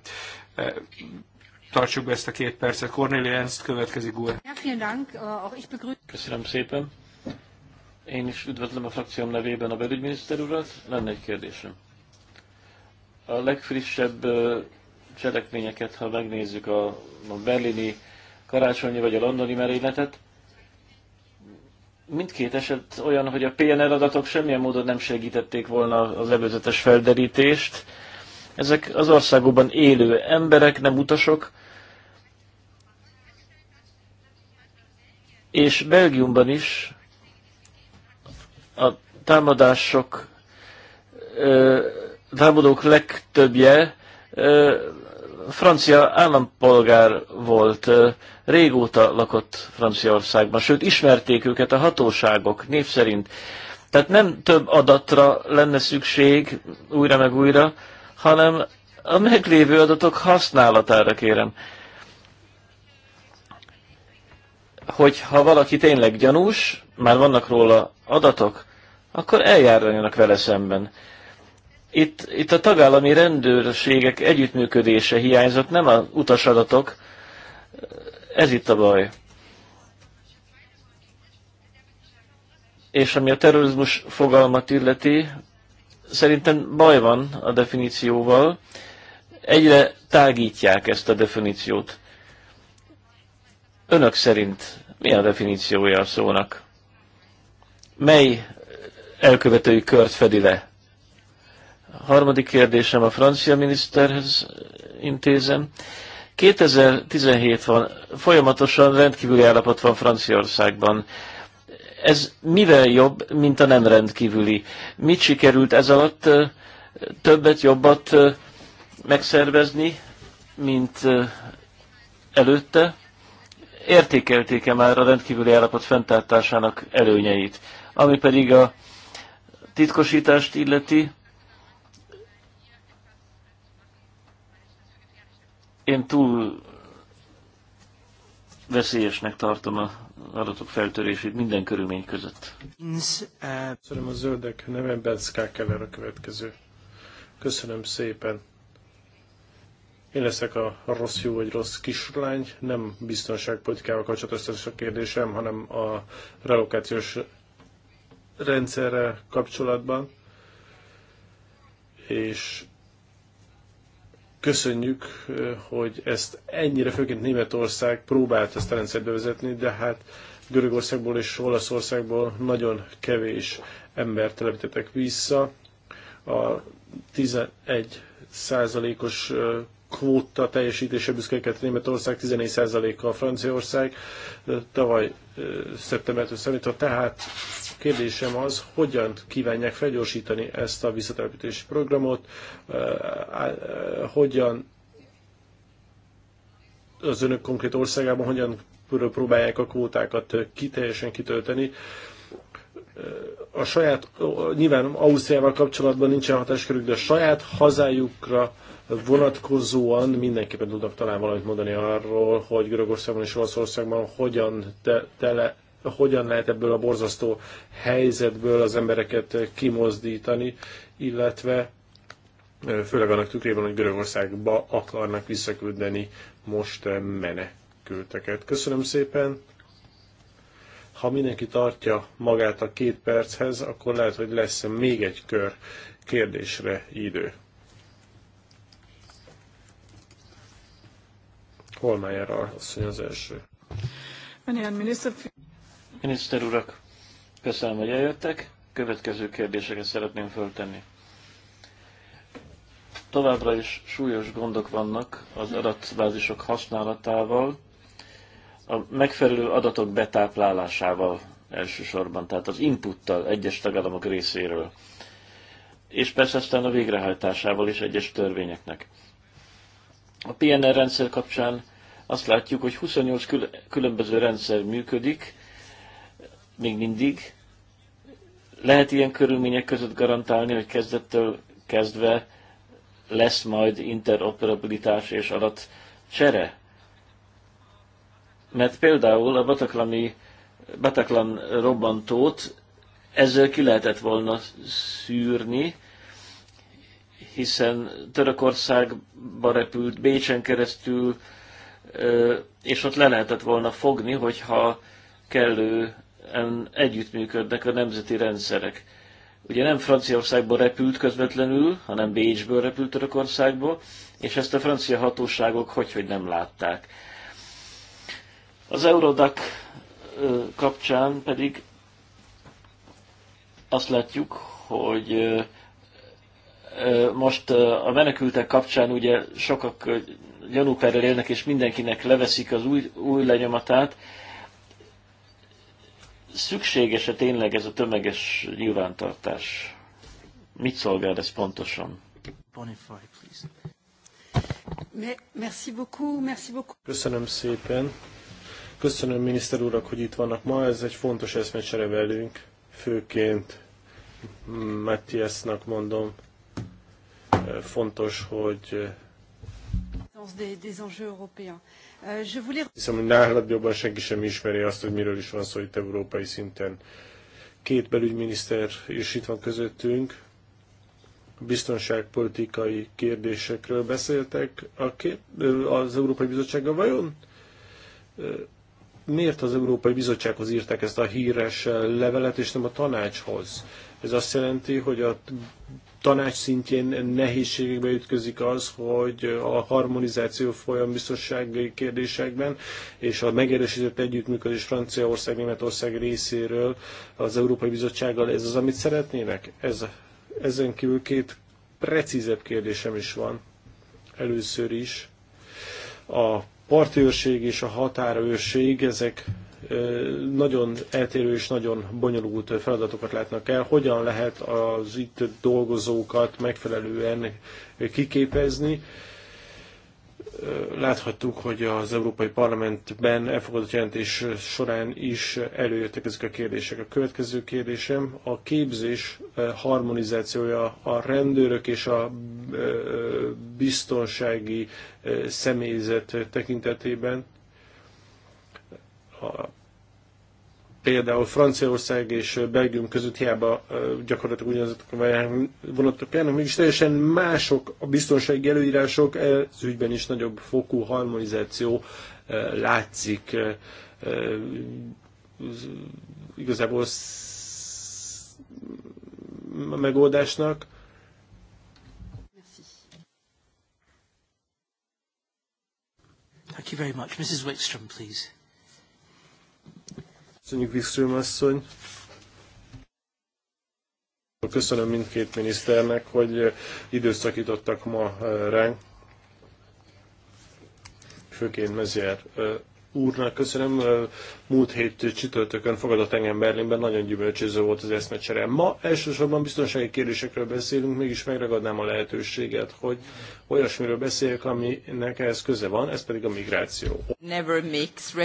tartsuk be ezt a két percet. Cornelia Ernst következik úr. Äh, Köszönöm szépen. Én is üdvözlöm a frakcióm nevében a belügyminiszter urat. Lenne egy kérdésem. A legfrissebb cselekményeket, ha megnézzük a, berlini karácsonyi vagy a londoni merényletet, mindkét eset olyan, hogy a PNR adatok semmilyen módon nem segítették volna az előzetes felderítést. Ezek az országokban élő emberek, nem utasok, és Belgiumban is a támadások, támadók legtöbbje francia állampolgár volt, régóta lakott Franciaországban, sőt ismerték őket a hatóságok név szerint. Tehát nem több adatra lenne szükség újra meg újra, hanem a meglévő adatok használatára kérem. Hogy ha valaki tényleg gyanús, már vannak róla adatok, akkor eljárjanak vele szemben. Itt, itt a tagállami rendőrségek együttműködése hiányzott, nem a utasadatok, ez itt a baj. És ami a terrorizmus fogalmat illeti, szerintem baj van a definícióval, egyre tágítják ezt a definíciót. Önök szerint mi a definíciója a szónak? Mely elkövetői kört fedi le. A harmadik kérdésem a francia miniszterhez intézem. 2017 van, folyamatosan rendkívüli állapot van Franciaországban. Ez mivel jobb, mint a nem rendkívüli? Mit sikerült ez alatt többet, jobbat megszervezni, mint előtte? Értékelték-e már a rendkívüli állapot fenntartásának előnyeit? Ami pedig a titkosítást illeti, én túl veszélyesnek tartom a adatok feltörését minden körülmény között. Köszönöm a zöldek nevemben, Ská a következő. Köszönöm szépen. Én leszek a rossz jó vagy rossz kislány, nem biztonságpolitikával kapcsolatos a kérdésem, hanem a relokációs rendszerrel kapcsolatban, és köszönjük, hogy ezt ennyire, főként Németország próbált ezt a rendszert bevezetni, de hát Görögországból és Olaszországból nagyon kevés ember telepítettek vissza. A 11 százalékos kvóta teljesítése büszkeket Németország, 14%-kal Franciaország, tavaly szeptembertől számítva. Tehát kérdésem az, hogyan kívánják felgyorsítani ezt a visszatelepítési programot, hogyan az önök konkrét országában hogyan próbálják a kvótákat kiteljesen kitölteni. A saját, nyilván Ausztriával kapcsolatban nincsen hatáskörük, de a saját hazájukra vonatkozóan mindenképpen tudnak talán valamit mondani arról, hogy Görögországban és Olaszországban hogyan, te, tele, hogyan lehet ebből a borzasztó helyzetből az embereket kimozdítani, illetve főleg annak tükrében, hogy Görögországba akarnak visszaküldeni most menekülteket. Köszönöm szépen! Ha mindenki tartja magát a két perchez, akkor lehet, hogy lesz még egy kör kérdésre idő. Holmájára asszony az első. Miniszter urak, köszönöm, hogy eljöttek. Következő kérdéseket szeretném föltenni. Továbbra is súlyos gondok vannak az adatbázisok használatával, a megfelelő adatok betáplálásával elsősorban, tehát az inputtal egyes tagállamok részéről, és persze aztán a végrehajtásával is egyes törvényeknek. A PNR rendszer kapcsán azt látjuk, hogy 28 különböző rendszer működik, még mindig. Lehet ilyen körülmények között garantálni, hogy kezdettől kezdve lesz majd interoperabilitás és adat csere? Mert például a Bataklani, Bataklan robbantót ezzel ki lehetett volna szűrni, hiszen Törökországba repült Bécsen keresztül, és ott le lehetett volna fogni, hogyha kellően együttműködnek a nemzeti rendszerek. Ugye nem Franciaországból repült közvetlenül, hanem Bécsből repült Törökországból, és ezt a francia hatóságok hogy, hogy nem látták. Az Eurodac kapcsán pedig azt látjuk, hogy most a menekültek kapcsán ugye sokak gyanúperrel élnek, és mindenkinek leveszik az új, új lenyomatát. Szükséges-e tényleg ez a tömeges nyilvántartás? Mit szolgál ez pontosan? Bonify, Merci beaucoup, merci beaucoup. Köszönöm szépen. Köszönöm miniszter urak, hogy itt vannak ma. Ez egy fontos eszmecsere velünk, főként Matthiasnak mondom, fontos, hogy Euh, Hiszen hogy nálad jobban senki sem ismeri azt, hogy miről is van szó itt európai szinten. Két belügyminiszter is itt van közöttünk, biztonságpolitikai kérdésekről beszéltek a két, az Európai Bizottsággal vajon? Miért az Európai Bizottsághoz írták ezt a híres levelet, és nem a tanácshoz? Ez azt jelenti, hogy a tanács szintjén nehézségekbe ütközik az, hogy a harmonizáció folyam biztonsági kérdésekben és a megerősített együttműködés Franciaország, Németország részéről az Európai Bizottsággal ez az, amit szeretnének? Ez, ezen kívül két precízebb kérdésem is van. Először is a partőrség és a határőrség, ezek nagyon eltérő és nagyon bonyolult feladatokat látnak el. Hogyan lehet az itt dolgozókat megfelelően kiképezni? Láthattuk, hogy az Európai Parlamentben elfogadott jelentés során is előjöttek ezek a kérdések. A következő kérdésem a képzés harmonizációja a rendőrök és a biztonsági személyzet tekintetében a például Franciaország és Belgium között hiába gyakorlatilag ugyanazok a vonatok járnak, mégis teljesen mások a biztonsági előírások, ez ügyben is nagyobb fokú harmonizáció látszik. Igazából a megoldásnak. Thank you very much. Mrs. Wickstrom, please. Köszönjük, Wikström asszony. Köszönöm mindkét miniszternek, hogy időszakítottak ma ránk. Főként Mezier úrnak köszönöm. Múlt hét csütörtökön fogadott engem Berlinben, nagyon gyümölcsöző volt az eszmecsere. Ma elsősorban biztonsági kérdésekről beszélünk, mégis megragadnám a lehetőséget, hogy olyasmiről beszéljek, aminek ehhez köze van, ez pedig a migráció. Never mix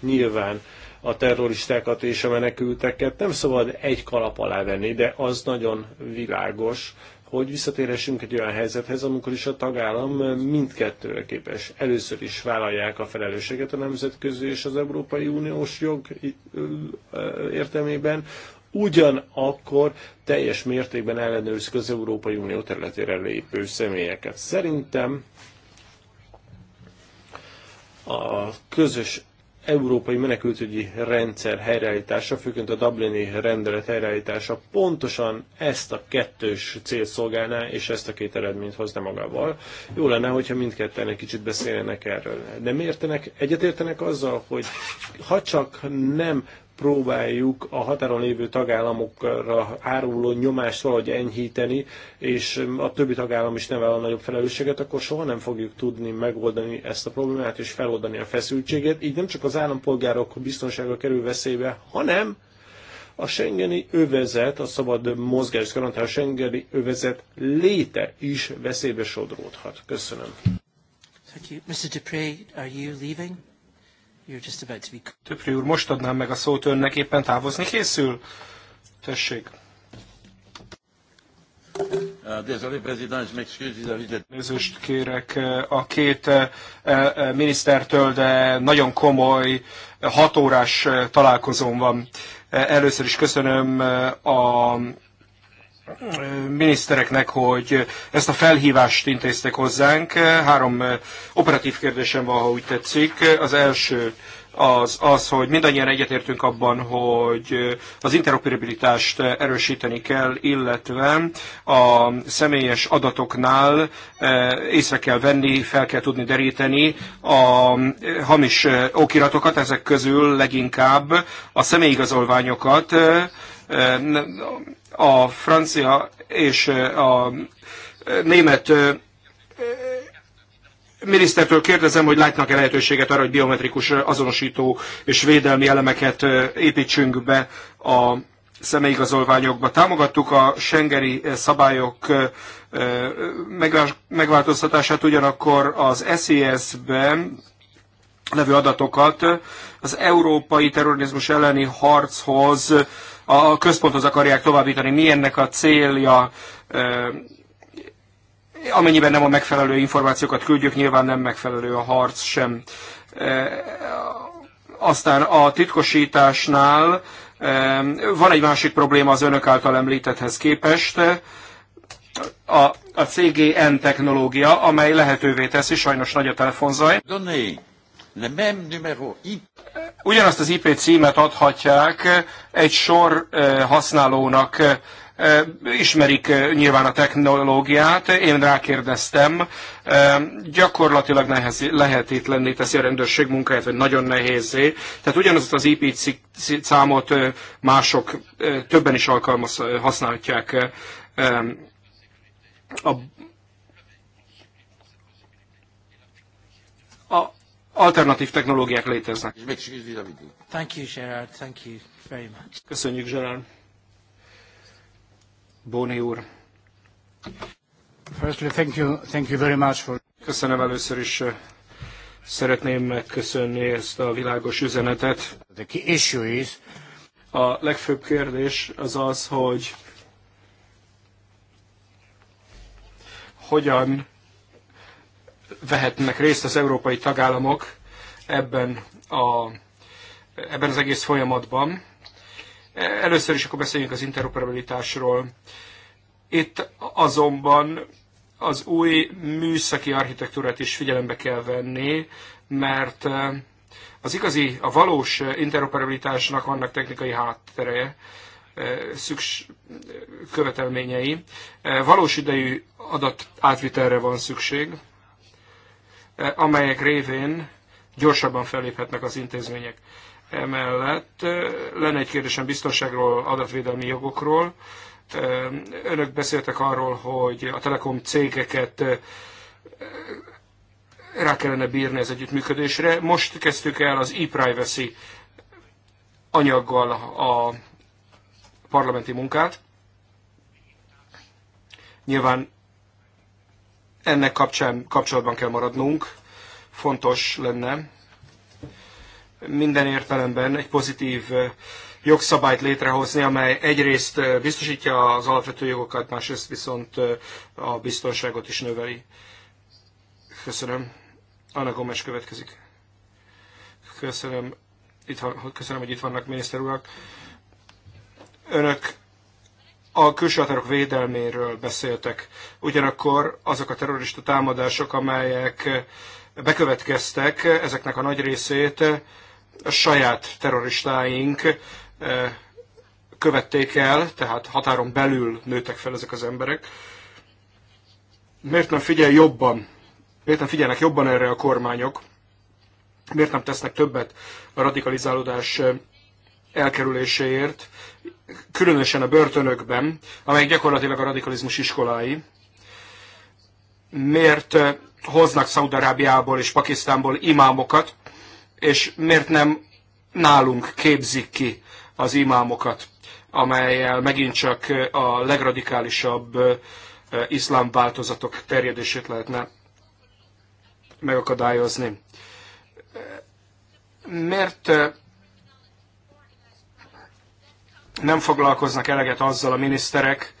Nyilván a terroristákat és a menekülteket nem szabad egy kalap alá venni, de az nagyon világos, hogy visszatérhessünk egy olyan helyzethez, amikor is a tagállam mindkettőre képes. Először is vállalják a felelősséget a nemzetközi és az Európai Uniós jog értelmében, ugyanakkor teljes mértékben ellenőrzik az Európai Unió területére lépő személyeket. Szerintem a közös európai menekültügyi rendszer helyreállítása, főként a Dublini rendelet helyreállítása pontosan ezt a kettős célt szolgálná, és ezt a két eredményt hozna magával. Jó lenne, hogyha mindketten egy kicsit beszélnek erről. Nem értenek, egyetértenek azzal, hogy ha csak nem próbáljuk a határon lévő tagállamokra áruló nyomást valahogy enyhíteni, és a többi tagállam is nevel a nagyobb felelősséget, akkor soha nem fogjuk tudni megoldani ezt a problémát és feloldani a feszültséget. Így nem csak az állampolgárok biztonsága kerül veszélybe, hanem a Schengeni övezet, a szabad mozgás garantál Schengeni övezet léte is veszélybe sodródhat. Köszönöm. Thank you. Mr. Dupré, are you leaving? You're be... Töpri úr, most adnám meg a szót önnek, éppen távozni készül? Tessék. Ah, Nézőst kérek eh, a két eh, eh, minisztertől, de nagyon komoly hatórás találkozón van. Először is köszönöm a minisztereknek, hogy ezt a felhívást intéztek hozzánk. Három operatív kérdésem van, ha úgy tetszik. Az első az, az, hogy mindannyian egyetértünk abban, hogy az interoperabilitást erősíteni kell, illetve a személyes adatoknál észre kell venni, fel kell tudni deríteni a hamis okiratokat, ezek közül leginkább a személyigazolványokat, a francia és a német minisztertől kérdezem, hogy látnak-e lehetőséget arra, hogy biometrikus azonosító és védelmi elemeket építsünk be a személyigazolványokba. Támogattuk a Schengeni szabályok megváltoztatását, ugyanakkor az SES-ben levő adatokat az európai terrorizmus elleni harchoz a központhoz akarják továbbítani. Mi ennek a célja? Amennyiben nem a megfelelő információkat küldjük, nyilván nem megfelelő a harc sem. Aztán a titkosításnál van egy másik probléma az önök által említetthez képest, a, a CGN technológia, amely lehetővé teszi, sajnos nagy a telefonzaj ugyanazt az IP címet adhatják egy sor eh, használónak, eh, eh, ismerik nyilván a technológiát, én rákérdeztem, gyakorlatilag nehez, lehetetlenné teszi a rendőrség munkáját, vagy nagyon nehézé. Tehát ugyanazt az IP számot mások többen is alkalmaz, használhatják a, a alternatív technológiák léteznek. Thank you, Gerard. Thank you very much. Köszönjük, Gerard. Bóni úr. Firstly, thank you, thank you very much for... Köszönöm először is szeretném megköszönni ezt a világos üzenetet. The key issue is... A legfőbb kérdés az az, hogy hogyan vehetnek részt az európai tagállamok ebben, a, ebben az egész folyamatban. Először is akkor beszéljünk az interoperabilitásról. Itt azonban az új műszaki architektúrát is figyelembe kell venni, mert eh, az igazi, a valós interoperabilitásnak vannak technikai háttere, eh, szüks, eh, követelményei. Valós idejű adat átvitelre van szükség, E, amelyek révén gyorsabban feléphetnek az intézmények. Emellett e, lenne egy kérdésem biztonságról, adatvédelmi jogokról. E, önök beszéltek arról, hogy a telekom cégeket rá kellene bírni az együttműködésre. Most kezdtük el az e-privacy anyaggal a parlamenti munkát. Nyilván ennek kapcsán, kapcsolatban kell maradnunk. Fontos lenne minden értelemben egy pozitív jogszabályt létrehozni, amely egyrészt biztosítja az alapvető jogokat, másrészt viszont a biztonságot is növeli. Köszönöm. Anna Gomes következik. Köszönöm, itt, köszönöm hogy itt vannak miniszter urak. Önök a külső határok védelméről beszéltek. Ugyanakkor azok a terrorista támadások, amelyek bekövetkeztek, ezeknek a nagy részét a saját terroristáink eh, követték el, tehát határon belül nőttek fel ezek az emberek. Miért nem figyel jobban, miért nem figyelnek jobban erre a kormányok, miért nem tesznek többet a radikalizálódás eh, elkerüléséért, különösen a börtönökben, amelyek gyakorlatilag a radikalizmus iskolái. Miért eh, hoznak Szaudarábiából és Pakisztánból imámokat, és miért nem nálunk képzik ki az imámokat, amelyel megint csak eh, a legradikálisabb eh, iszlám változatok terjedését lehetne megakadályozni. Miért nem foglalkoznak eleget azzal a miniszterek,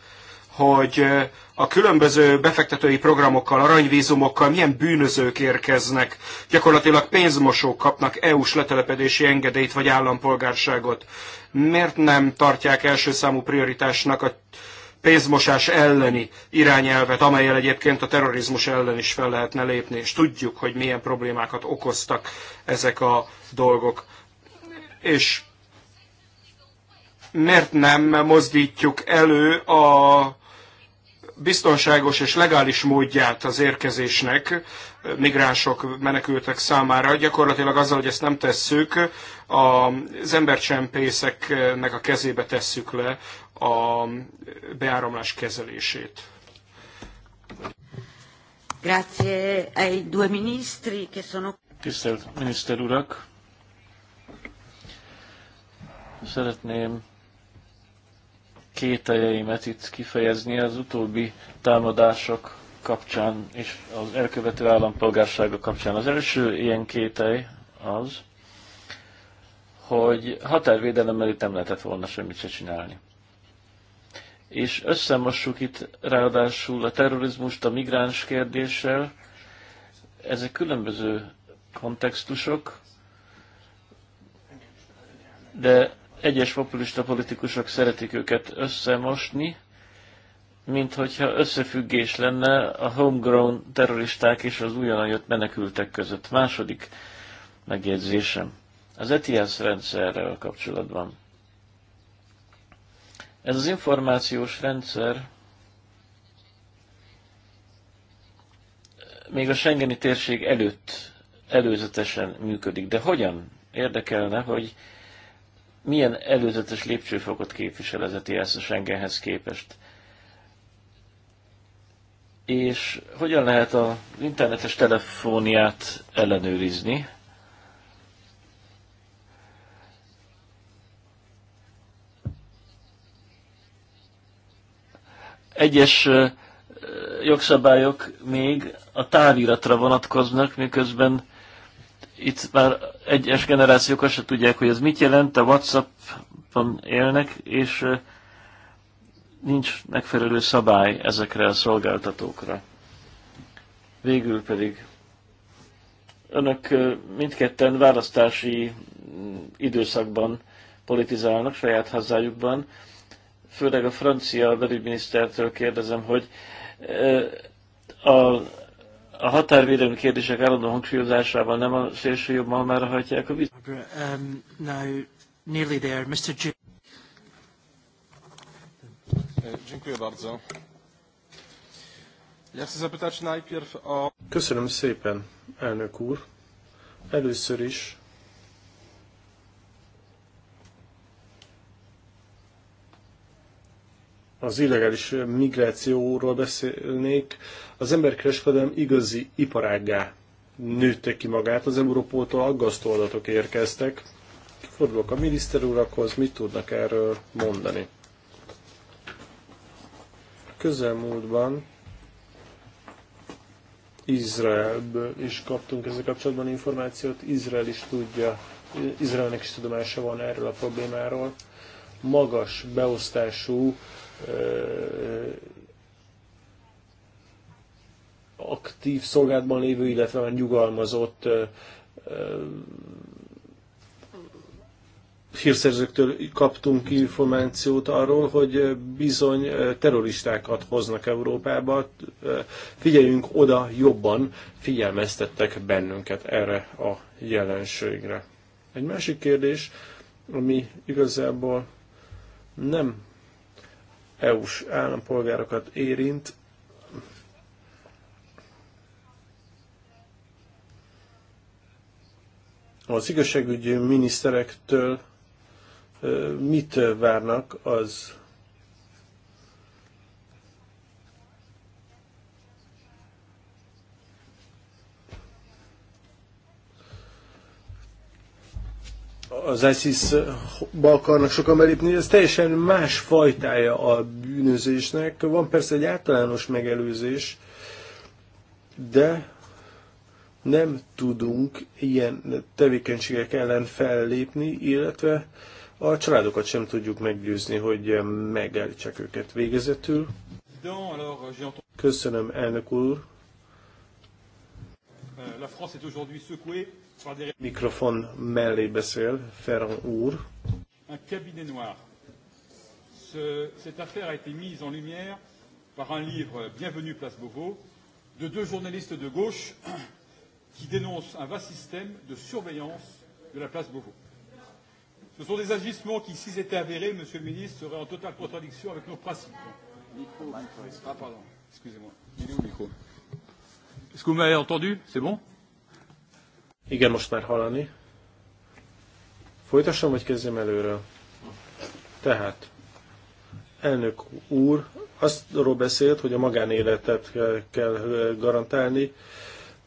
hogy a különböző befektetői programokkal, aranyvízumokkal milyen bűnözők érkeznek. Gyakorlatilag pénzmosók kapnak EU-s letelepedési engedélyt vagy állampolgárságot. Miért nem tartják első számú prioritásnak a pénzmosás elleni irányelvet, amelyel egyébként a terrorizmus ellen is fel lehetne lépni, és tudjuk, hogy milyen problémákat okoztak ezek a dolgok. És miért nem mozdítjuk elő a biztonságos és legális módját az érkezésnek migránsok, menekültek számára. Gyakorlatilag azzal, hogy ezt nem tesszük, az embercsempészeknek a kezébe tesszük le a beáramlás kezelését. Grazie ai due ministri che sono... Tisztelt miniszter urak! Szeretném kételjeimet itt kifejezni az utóbbi támadások kapcsán és az elkövető állampolgársága kapcsán. Az első ilyen kételj az, hogy határvédelemmel itt nem lehetett volna semmit se csinálni. És összemossuk itt ráadásul a terrorizmust a migráns kérdéssel. Ezek különböző kontextusok, de egyes populista politikusok szeretik őket összemosni, mint hogyha összefüggés lenne a homegrown terroristák és az újonnan jött menekültek között. Második megjegyzésem. Az ETIAS rendszerrel kapcsolatban. Ez az információs rendszer még a Schengeni térség előtt előzetesen működik. De hogyan? Érdekelne, hogy milyen előzetes lépcsőfokot képvisel ez a TSZ a Schengenhez képest? És hogyan lehet az internetes telefóniát ellenőrizni? Egyes jogszabályok még a táviratra vonatkoznak, miközben itt már egyes generációk azt se tudják, hogy ez mit jelent, a WhatsApp-on élnek, és nincs megfelelő szabály ezekre a szolgáltatókra. Végül pedig önök mindketten választási mm, időszakban politizálnak saját hazájukban. Főleg a francia belügyminisztertől kérdezem, hogy a a határvédelmi kérdések állandó hangsúlyozásával nem a szélső jobb malmára hajtják a vizet. Um, now, nearly there, Mr. G Dziękuję bardzo. Ja chcę zapytać najpierw o... Köszönöm szépen, elnök úr. Először is az illegális migrációról beszélnék. Az emberkereskedelem igazi iparággá nőtte ki magát, az Európótól aggasztó adatok érkeztek. Fordulok a miniszter urakhoz, mit tudnak erről mondani? Közelmúltban Izraelből is kaptunk ezzel kapcsolatban információt, Izrael is tudja, Izraelnek is tudomása van erről a problémáról. Magas beosztású aktív szolgálatban lévő, illetve már nyugalmazott hírszerzőktől kaptunk információt arról, hogy bizony terroristákat hoznak Európába, figyeljünk oda jobban, figyelmeztettek bennünket erre a jelenségre. Egy másik kérdés, ami igazából nem EU-s állampolgárokat érint. Az igazságügyi miniszterektől mit várnak az az ISIS-ba akarnak sokan belépni, ez teljesen más fajtája a bűnözésnek. Van persze egy általános megelőzés, de nem tudunk ilyen tevékenységek ellen fellépni, illetve a családokat sem tudjuk meggyőzni, hogy megállítsák őket végezetül. Köszönöm, elnök úr. La France est aujourd'hui secouée Mikrofon mellé beszél, Ferran úr. Un cabinet noir. Ce, cette affaire a été mise en lumière par un livre Bienvenue Place Beauvau de deux journalistes de gauche qui dénoncent un vaste système de surveillance de la place Beauvau. Ce sont des agissements qui, s'ils étaient avérés, Monsieur le ministre, seraient en totale contradiction avec nos principes. Ah, pardon, excusez-moi. Est-ce que vous m'avez entendu C'est bon igen, most már hallani. Folytassam, vagy kezdjem előről? Tehát, elnök úr azról beszélt, hogy a magánéletet kell garantálni.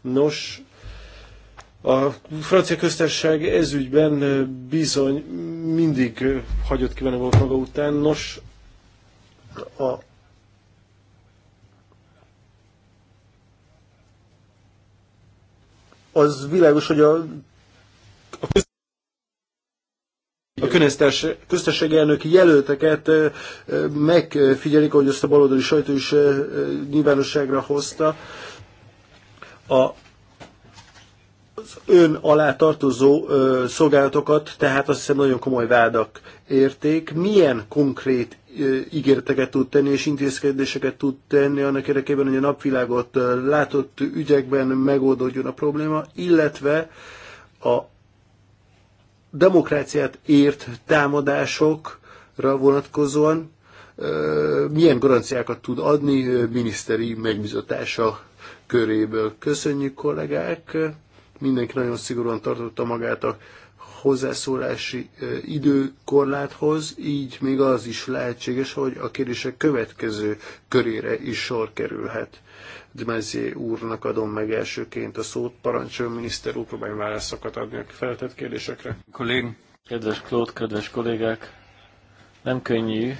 Nos, a francia köztársaság ezügyben bizony mindig hagyott kívánni volt maga után. Nos, a az világos, hogy a, a köz a köztesség elnöki jelölteket megfigyelik, ahogy ezt a baloldali sajtó is nyilvánosságra hozta. A az ön alá tartozó ö, szolgálatokat, tehát azt hiszem nagyon komoly vádak érték. Milyen konkrét ö, ígéreteket tud tenni és intézkedéseket tud tenni annak érdekében, hogy a napvilágot ö, látott ügyekben megoldódjon a probléma, illetve a demokráciát ért támadásokra vonatkozóan ö, milyen garanciákat tud adni ö, miniszteri megbizatása? köréből. Köszönjük kollégák! mindenki nagyon szigorúan tartotta magát a hozzászólási időkorláthoz, így még az is lehetséges, hogy a kérdések következő körére is sor kerülhet. Dmezé úrnak adom meg elsőként a szót, parancsol miniszter úr, próbálj válaszokat adni a feltett kérdésekre. Kollég. Kedves Klót, kedves kollégák, nem könnyű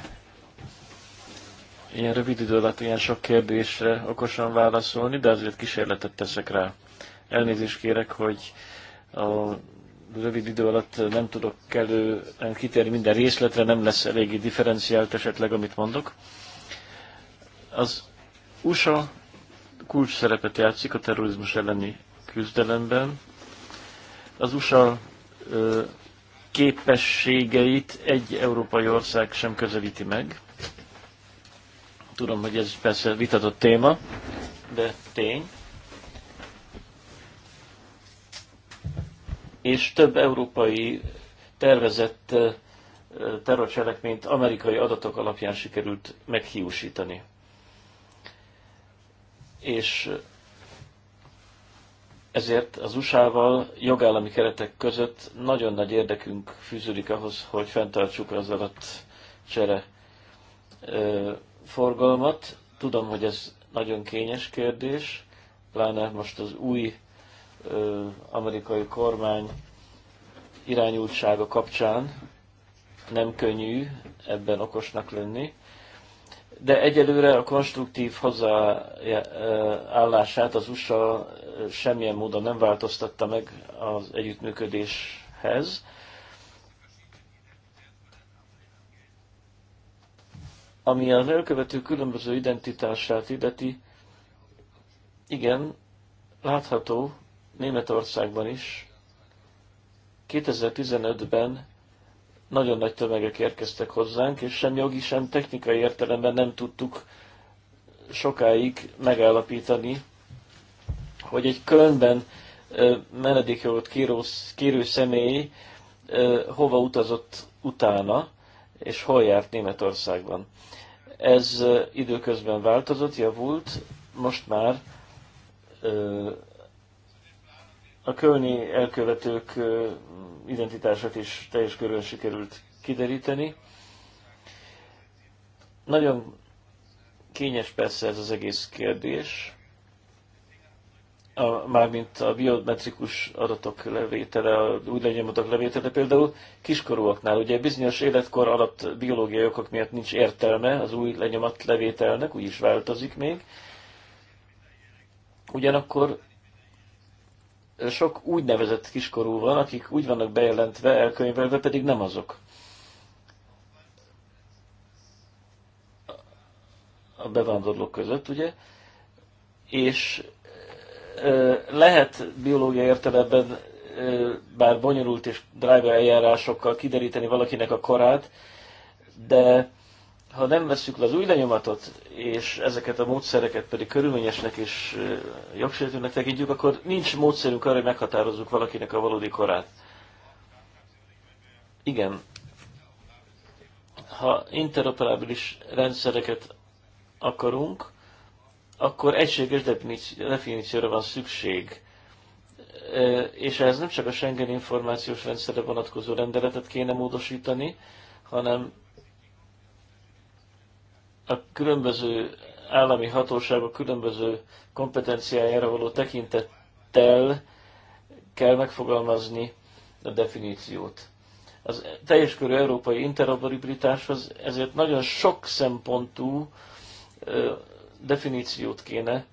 ilyen rövid idő alatt ilyen sok kérdésre okosan válaszolni, de azért kísérletet teszek rá. Elnézést kérek, hogy a rövid idő alatt nem tudok kellően kitérni minden részletre, nem lesz eléggé differenciált esetleg, amit mondok. Az USA kulcs szerepet játszik a terrorizmus elleni küzdelemben. Az USA képességeit egy európai ország sem közelíti meg. Tudom, hogy ez persze vitatott téma, de tény. és több európai tervezett terrorcselekményt amerikai adatok alapján sikerült meghiúsítani. És ezért az USA-val jogállami keretek között nagyon nagy érdekünk fűződik ahhoz, hogy fenntartsuk az alatt csere forgalmat. Tudom, hogy ez nagyon kényes kérdés, pláne most az új amerikai kormány irányultsága kapcsán nem könnyű ebben okosnak lenni, de egyelőre a konstruktív hozzáállását az USA semmilyen módon nem változtatta meg az együttműködéshez. Ami az elkövető különböző identitását illeti, igen, látható, Németországban is 2015-ben nagyon nagy tömegek érkeztek hozzánk, és sem jogi, sem technikai értelemben nem tudtuk sokáig megállapítani, hogy egy Kölnben menedékjogot kérő, kérő személy hova utazott utána, és hol járt Németországban. Ez időközben változott, javult, most már a kölni elkövetők identitását is teljes körül sikerült kideríteni. Nagyon kényes persze ez az egész kérdés, a, mármint a biometrikus adatok levétele, a legyen adatok levétele, például kiskorúaknál, ugye bizonyos életkor alatt biológiai okok miatt nincs értelme az új lenyomat levételnek, is változik még. Ugyanakkor sok úgynevezett kiskorú van, akik úgy vannak bejelentve, elkönyvelve, pedig nem azok. A bevándorlók között, ugye? És lehet biológiai értelemben bár bonyolult és drága eljárásokkal kideríteni valakinek a korát, de ha nem vesszük le az új lenyomatot, és ezeket a módszereket pedig körülményesnek és jogsértőnek tekintjük, akkor nincs módszerünk arra, hogy meghatározzuk valakinek a valódi korát. Igen. Ha interoperabilis rendszereket akarunk, akkor egységes definícióra van szükség. És ez nem csak a Schengen információs rendszerre vonatkozó rendeletet kéne módosítani, hanem a különböző állami hatóságok különböző kompetenciájára való tekintettel kell megfogalmazni a definíciót. Az teljes körű európai interoperabilitáshoz ezért nagyon sok szempontú definíciót kéne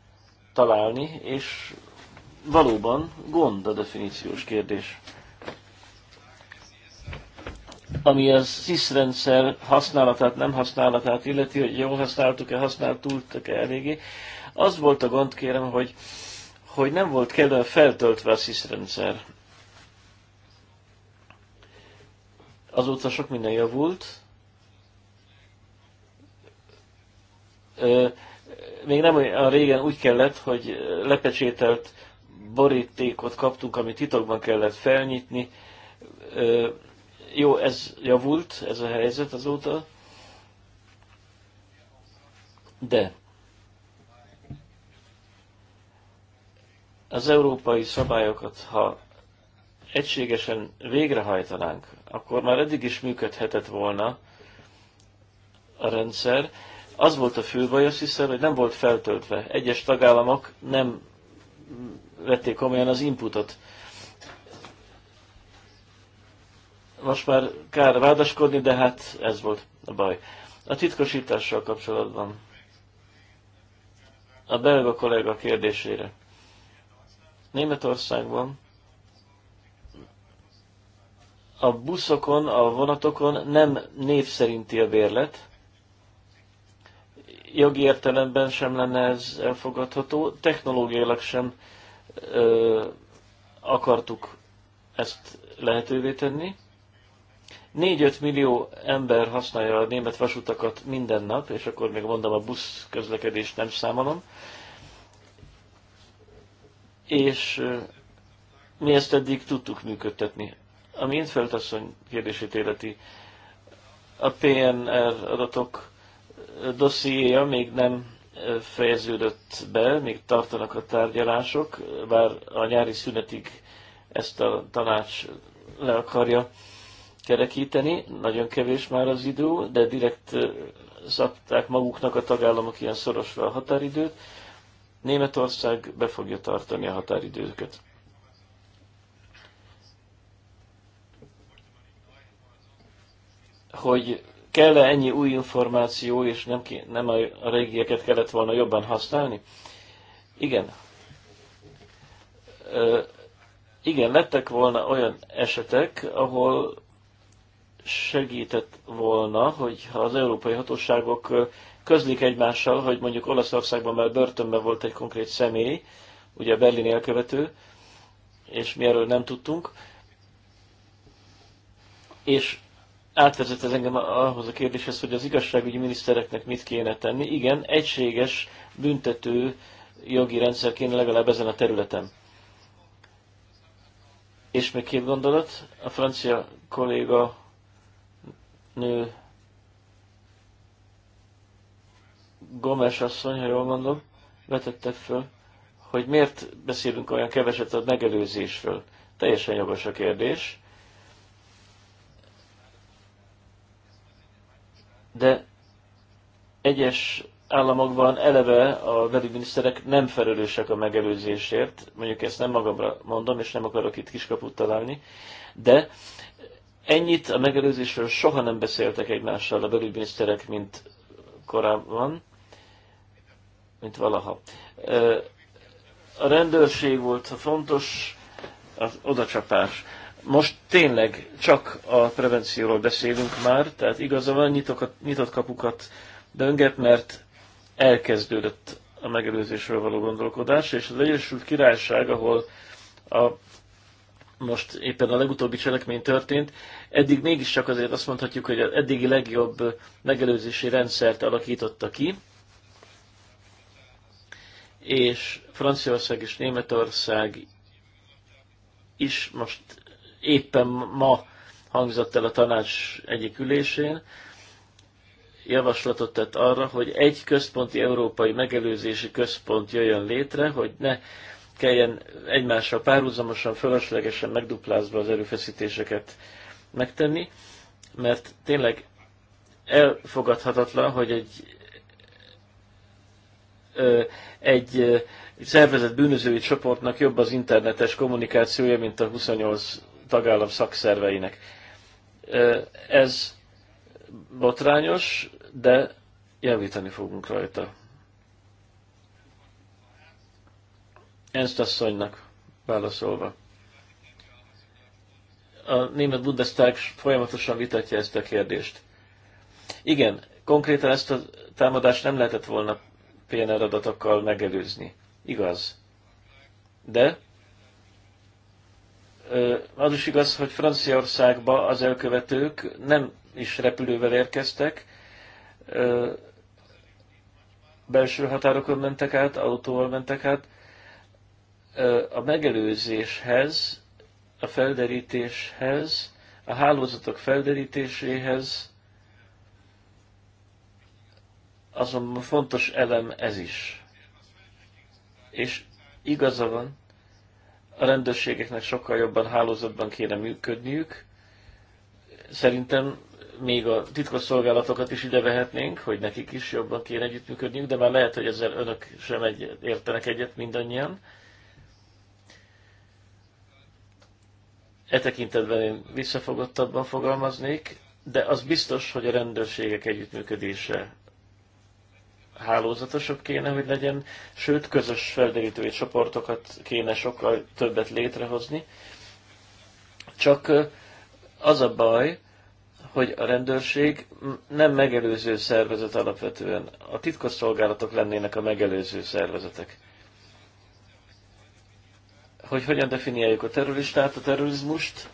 találni, és valóban gond a definíciós kérdés ami a SIS rendszer használatát, nem használatát illeti, hogy jól használtuk-e, használtuk-e eléggé, az volt a gond, kérem, hogy, hogy nem volt kellően feltöltve a SIS rendszer. Azóta sok minden javult. Még nem olyan régen úgy kellett, hogy lepecsételt borítékot kaptunk, amit titokban kellett felnyitni jó, ez javult, ez a helyzet azóta, de az európai szabályokat, ha egységesen végrehajtanánk, akkor már eddig is működhetett volna a rendszer. Az volt a fő baj, azt hiszem, hogy nem volt feltöltve. Egyes tagállamok nem vették komolyan az inputot. most már kár vádaskodni, de hát ez volt a baj. A titkosítással kapcsolatban. A belga kollega kérdésére. Németországban a buszokon, a vonatokon nem név szerinti a bérlet. Jogi értelemben sem lenne ez elfogadható, technológiailag sem ö, akartuk ezt lehetővé tenni. 4-5 millió ember használja a német vasutakat minden nap, és akkor még mondom, a busz közlekedést nem számolom. És mi ezt eddig tudtuk működtetni. Ami Infelt asszony kérdését életi, a PNR adatok dossziéja még nem fejeződött be, még tartanak a tárgyalások, bár a nyári szünetig ezt a tanács le akarja kerekíteni, nagyon kevés már az idő, de direkt szabták maguknak a tagállamok ilyen szorosra a határidőt. Németország be fogja tartani a határidőket. Hogy kell-e ennyi új információ, és nem, ki, nem a, régieket kellett volna jobban használni? Igen. Ö, igen, lettek volna olyan esetek, ahol segített volna, hogyha az európai hatóságok közlik egymással, hogy mondjuk Olaszországban már börtönben volt egy konkrét személy, ugye a Berlin elkövető, és mi erről nem tudtunk. És átvezet ez engem ahhoz a kérdéshez, hogy az igazságügyi minisztereknek mit kéne tenni. Igen, egységes büntető jogi rendszer kéne legalább ezen a területen. És még két gondolat, a francia kolléga nő Gomes asszony, ha jól mondom, vetette föl, hogy miért beszélünk olyan keveset a megelőzésről. Teljesen jogos a kérdés. De egyes államokban eleve a belügyminiszterek nem felelősek a megelőzésért, mondjuk ezt nem magamra mondom, és nem akarok itt kiskaput találni, de Ennyit a megelőzésről soha nem beszéltek egymással a belügyminiszterek, mint korábban, mint valaha. A rendőrség volt a fontos, az odacsapás. Most tényleg csak a prevencióról beszélünk már, tehát igazából nyitokat, nyitott kapukat dönget, mert elkezdődött a megelőzésről való gondolkodás, és az Egyesült Királyság, ahol a most éppen a legutóbbi cselekmény történt, eddig mégiscsak azért azt mondhatjuk, hogy az eddigi legjobb megelőzési rendszert alakította ki, és Franciaország és Németország is most éppen ma hangzott el a tanács egyik ülésén, javaslatot tett arra, hogy egy központi európai megelőzési központ jöjjön létre, hogy ne kelljen egymással párhuzamosan, fölöslegesen megduplázva az erőfeszítéseket megtenni, mert tényleg elfogadhatatlan, hogy egy egy szervezett bűnözői csoportnak jobb az internetes kommunikációja, mint a 28 tagállam szakszerveinek. Ez botrányos, de javítani fogunk rajta. Ernst asszonynak válaszolva. A német Bundestag folyamatosan vitatja ezt a kérdést. Igen, konkrétan ezt a támadást nem lehetett volna PNR adatokkal megelőzni. Igaz. De az is igaz, hogy Franciaországba az elkövetők nem is repülővel érkeztek, belső határokon mentek át, autóval mentek át, a megelőzéshez, a felderítéshez, a hálózatok felderítéséhez azonban fontos elem ez is. És igaza van, a rendőrségeknek sokkal jobban hálózatban kéne működniük. Szerintem még a titkos szolgálatokat is ide vehetnénk, hogy nekik is jobban kéne együttműködniük, de már lehet, hogy ezzel önök sem egy, értenek egyet mindannyian. E tekintetben én visszafogottabban fogalmaznék, de az biztos, hogy a rendőrségek együttműködése hálózatosabb kéne, hogy legyen, sőt, közös felderítői csoportokat kéne sokkal többet létrehozni. Csak az a baj, hogy a rendőrség nem megelőző szervezet alapvetően. A titkosszolgálatok lennének a megelőző szervezetek hogy hogyan definiáljuk a terroristát, a terrorizmust.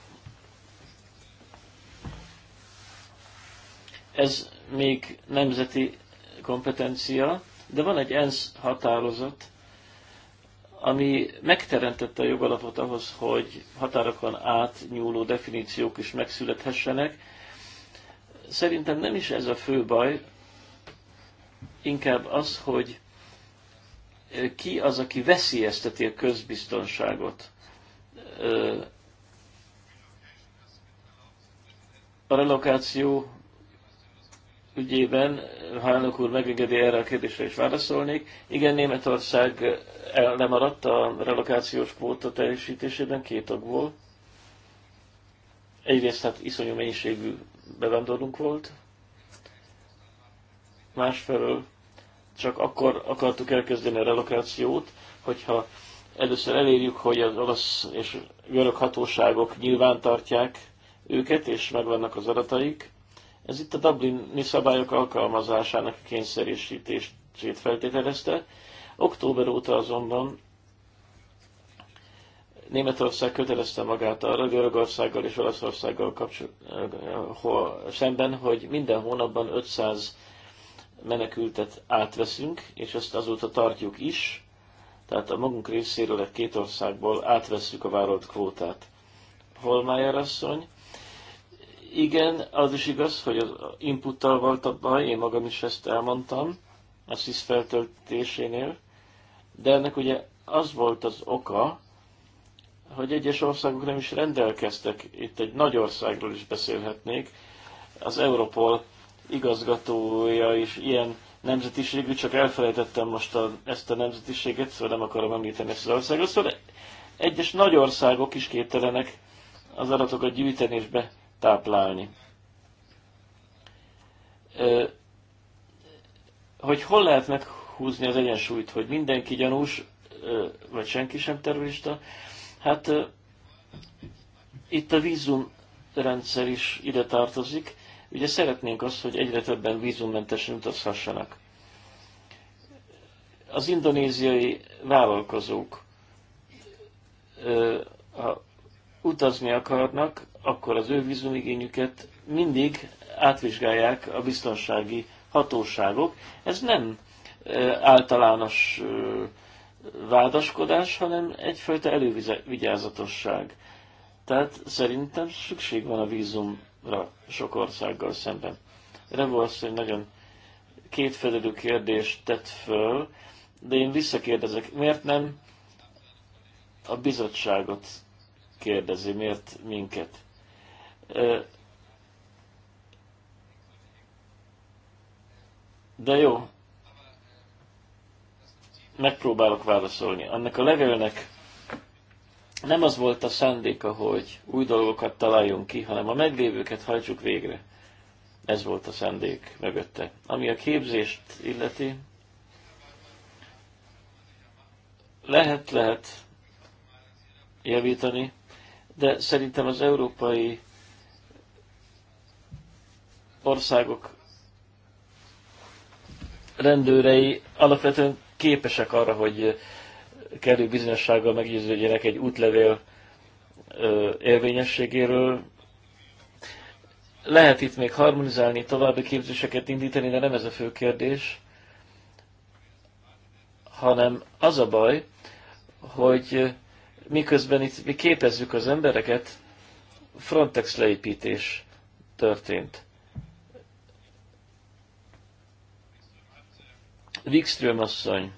Ez még nemzeti kompetencia, de van egy ENSZ határozat, ami megteremtette a jogalapot ahhoz, hogy határokon átnyúló definíciók is megszülethessenek. Szerintem nem is ez a fő baj, inkább az, hogy ki az, aki veszélyezteti a közbiztonságot. A relokáció ügyében, ha elnök úr megengedi erre a kérdésre is válaszolnék, igen, Németország lemaradt a relokációs kvóta teljesítésében két okból. Egyrészt hát iszonyú mennyiségű bevándorlunk volt, másfelől csak akkor akartuk elkezdeni a relokációt, hogyha először elérjük, hogy az olasz és görög hatóságok nyilván tartják őket, és megvannak az adataik. Ez itt a Dublini szabályok alkalmazásának kényszerésítését feltételezte. Október óta azonban Németország kötelezte magát arra Görögországgal és Olaszországgal kapcsol- eh, szemben, hogy minden hónapban 500 menekültet átveszünk, és ezt azóta tartjuk is, tehát a magunk részéről egy két országból átvesszük a várolt kvótát. Holmájer asszony, igen, az is igaz, hogy az inputtal volt a baj, én magam is ezt elmondtam, a SZISZ feltöltésénél, de ennek ugye az volt az oka, hogy egyes országok nem is rendelkeztek, itt egy nagy országról is beszélhetnék, az Európol igazgatója is ilyen nemzetiségű, csak elfelejtettem most a, ezt a nemzetiséget, szóval nem akarom említeni ezt az országot. Szóval egyes nagy országok is képtelenek az adatokat gyűjteni és betáplálni. Hogy hol lehet meghúzni az egyensúlyt, hogy mindenki gyanús, vagy senki sem terrorista, hát itt a vízumrendszer is ide tartozik. Ugye szeretnénk azt, hogy egyre többen vízummentesen utazhassanak. Az indonéziai vállalkozók, ha utazni akarnak, akkor az ő vízumigényüket mindig átvizsgálják a biztonsági hatóságok. Ez nem általános vádaskodás, hanem egyfajta elővigyázatosság. Tehát szerintem szükség van a vízum sok országgal szemben. Rembo asszony nagyon kétfelelő kérdést tett föl, de én visszakérdezek, miért nem a bizottságot kérdezi, miért minket? De jó, megpróbálok válaszolni. Annak a levélnek nem az volt a szándéka, hogy új dolgokat találjunk ki, hanem a meglévőket hajtsuk végre. Ez volt a szándék mögötte. Ami a képzést illeti, lehet, lehet javítani, de szerintem az európai országok rendőrei alapvetően képesek arra, hogy kellő bizonyossággal meggyőződjenek egy útlevél érvényességéről. Lehet itt még harmonizálni, további képzéseket indítani, de nem ez a fő kérdés, hanem az a baj, hogy miközben itt mi képezzük az embereket, Frontex leépítés történt. Wikström asszony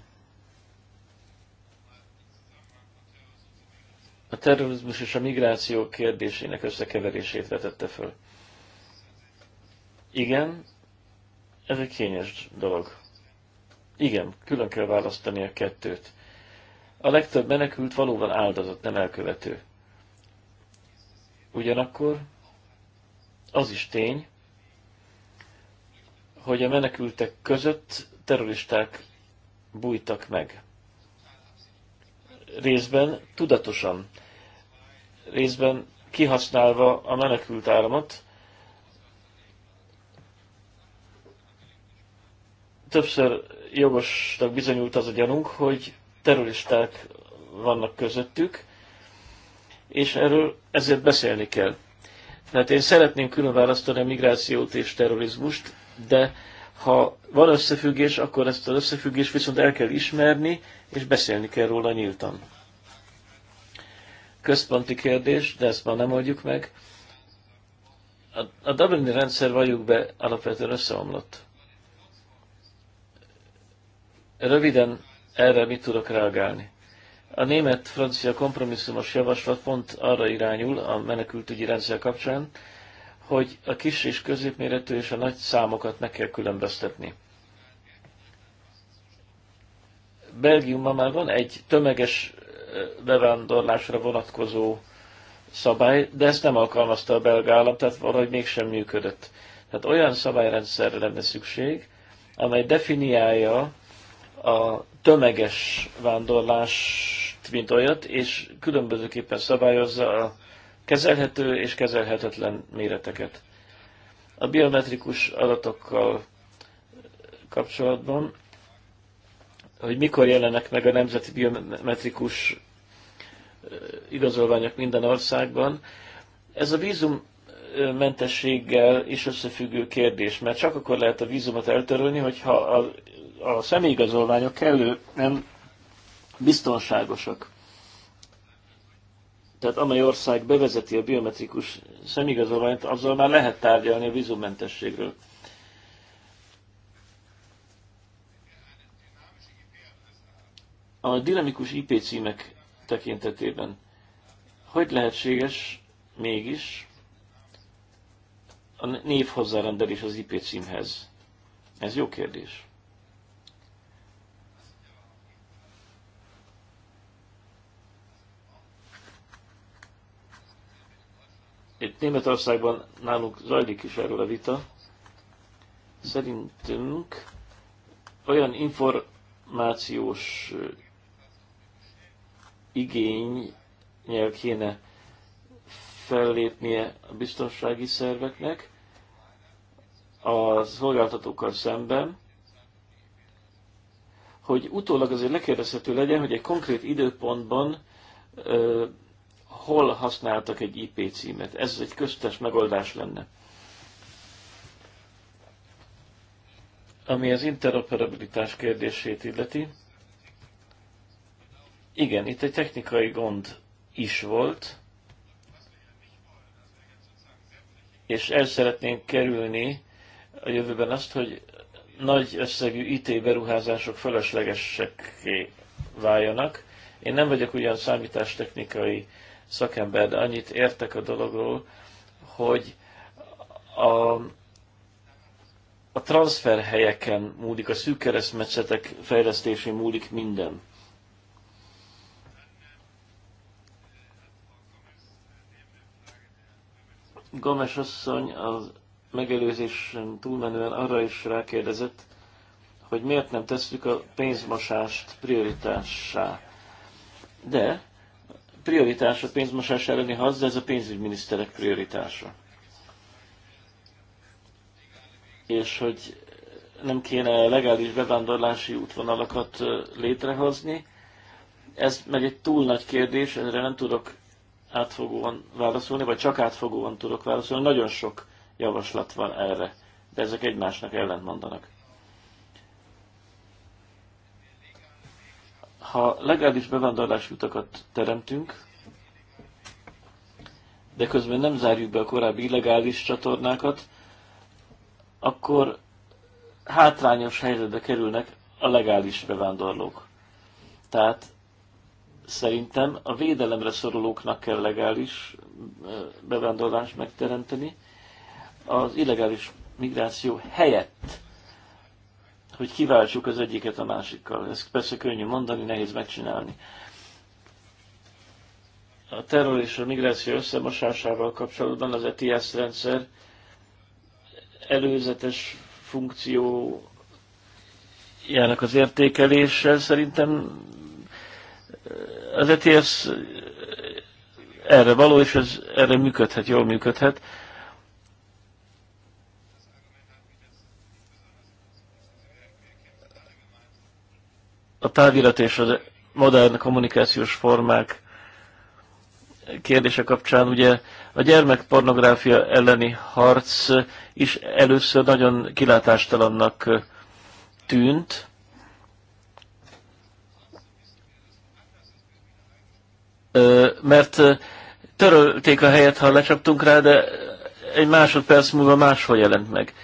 a terrorizmus és a migráció kérdésének összekeverését vetette föl. Igen, ez egy kényes dolog. Igen, külön kell választani a kettőt. A legtöbb menekült valóban áldozat, nem elkövető. Ugyanakkor az is tény, hogy a menekültek között terroristák bújtak meg részben tudatosan, részben kihasználva a menekült áramot. Többször jogosnak bizonyult az a gyanunk, hogy terroristák vannak közöttük, és erről ezért beszélni kell. Tehát én szeretném külön választani a migrációt és terrorizmust, de ha van összefüggés, akkor ezt az összefüggést viszont el kell ismerni, és beszélni kell róla nyíltan. Központi kérdés, de ezt már nem oldjuk meg. A, a Dublini rendszer valljuk be alapvetően összeomlott. Röviden erre mit tudok reagálni? A német-francia kompromisszumos javaslat pont arra irányul a menekültügyi rendszer kapcsán, hogy a kis és középméretű és a nagy számokat meg kell különböztetni. Belgiumban már van egy tömeges bevándorlásra vonatkozó szabály, de ezt nem alkalmazta a belga állam, tehát valahogy mégsem működött. Tehát olyan szabályrendszerre lenne szükség, amely definiálja a tömeges vándorlást, mint olyat, és különbözőképpen szabályozza a kezelhető és kezelhetetlen méreteket. A biometrikus adatokkal kapcsolatban, hogy mikor jelenek meg a nemzeti biometrikus igazolványok minden országban, ez a vízum mentességgel is összefüggő kérdés, mert csak akkor lehet a vízumot eltörölni, hogyha a, a személyigazolványok kellő nem biztonságosak. Tehát amely ország bevezeti a biometrikus szemigazolványt, azzal már lehet tárgyalni a vízumentességről. A dinamikus IP címek tekintetében hogy lehetséges mégis a név hozzárendelés az IP címhez? Ez jó kérdés. Itt Németországban nálunk zajlik is erről a vita. Szerintünk olyan információs igényel kéne fellépnie a biztonsági szerveknek a szolgáltatókkal szemben, hogy utólag azért lekérdezhető legyen, hogy egy konkrét időpontban hol használtak egy IP címet. Ez egy köztes megoldás lenne. Ami az interoperabilitás kérdését illeti, igen, itt egy technikai gond is volt, és el szeretnénk kerülni a jövőben azt, hogy nagy összegű IT beruházások feleslegesek váljanak. Én nem vagyok ugyan számítástechnikai szakember, de annyit értek a dologról, hogy a, a transferhelyeken múlik, a szűk keresztmetszetek fejlesztésén múlik minden. Gomes asszony az megelőzésen túlmenően arra is rákérdezett, hogy miért nem tesszük a pénzmosást prioritássá. De prioritás a pénzmosás elleni harc, de ez a pénzügyminiszterek prioritása. És hogy nem kéne legális bevándorlási útvonalakat létrehozni, ez meg egy túl nagy kérdés, erre nem tudok átfogóan válaszolni, vagy csak átfogóan tudok válaszolni. Nagyon sok javaslat van erre, de ezek egymásnak ellent mondanak. Ha legális bevándorlási utakat teremtünk, de közben nem zárjuk be a korábbi illegális csatornákat, akkor hátrányos helyzetbe kerülnek a legális bevándorlók. Tehát szerintem a védelemre szorulóknak kell legális bevándorlást megteremteni, az illegális migráció helyett hogy kiváltsuk az egyiket a másikkal. Ez persze könnyű mondani, nehéz megcsinálni. A terror és a migráció összemosásával kapcsolatban az ETS rendszer előzetes funkciójának az értékelése szerintem eh, az ETS erre való, és ez erre működhet, jól működhet. a távirat és a modern kommunikációs formák kérdése kapcsán ugye a gyermekpornográfia elleni harc is először nagyon kilátástalannak tűnt. Mert törölték a helyet, ha lecsaptunk rá, de egy másodperc múlva máshol jelent meg.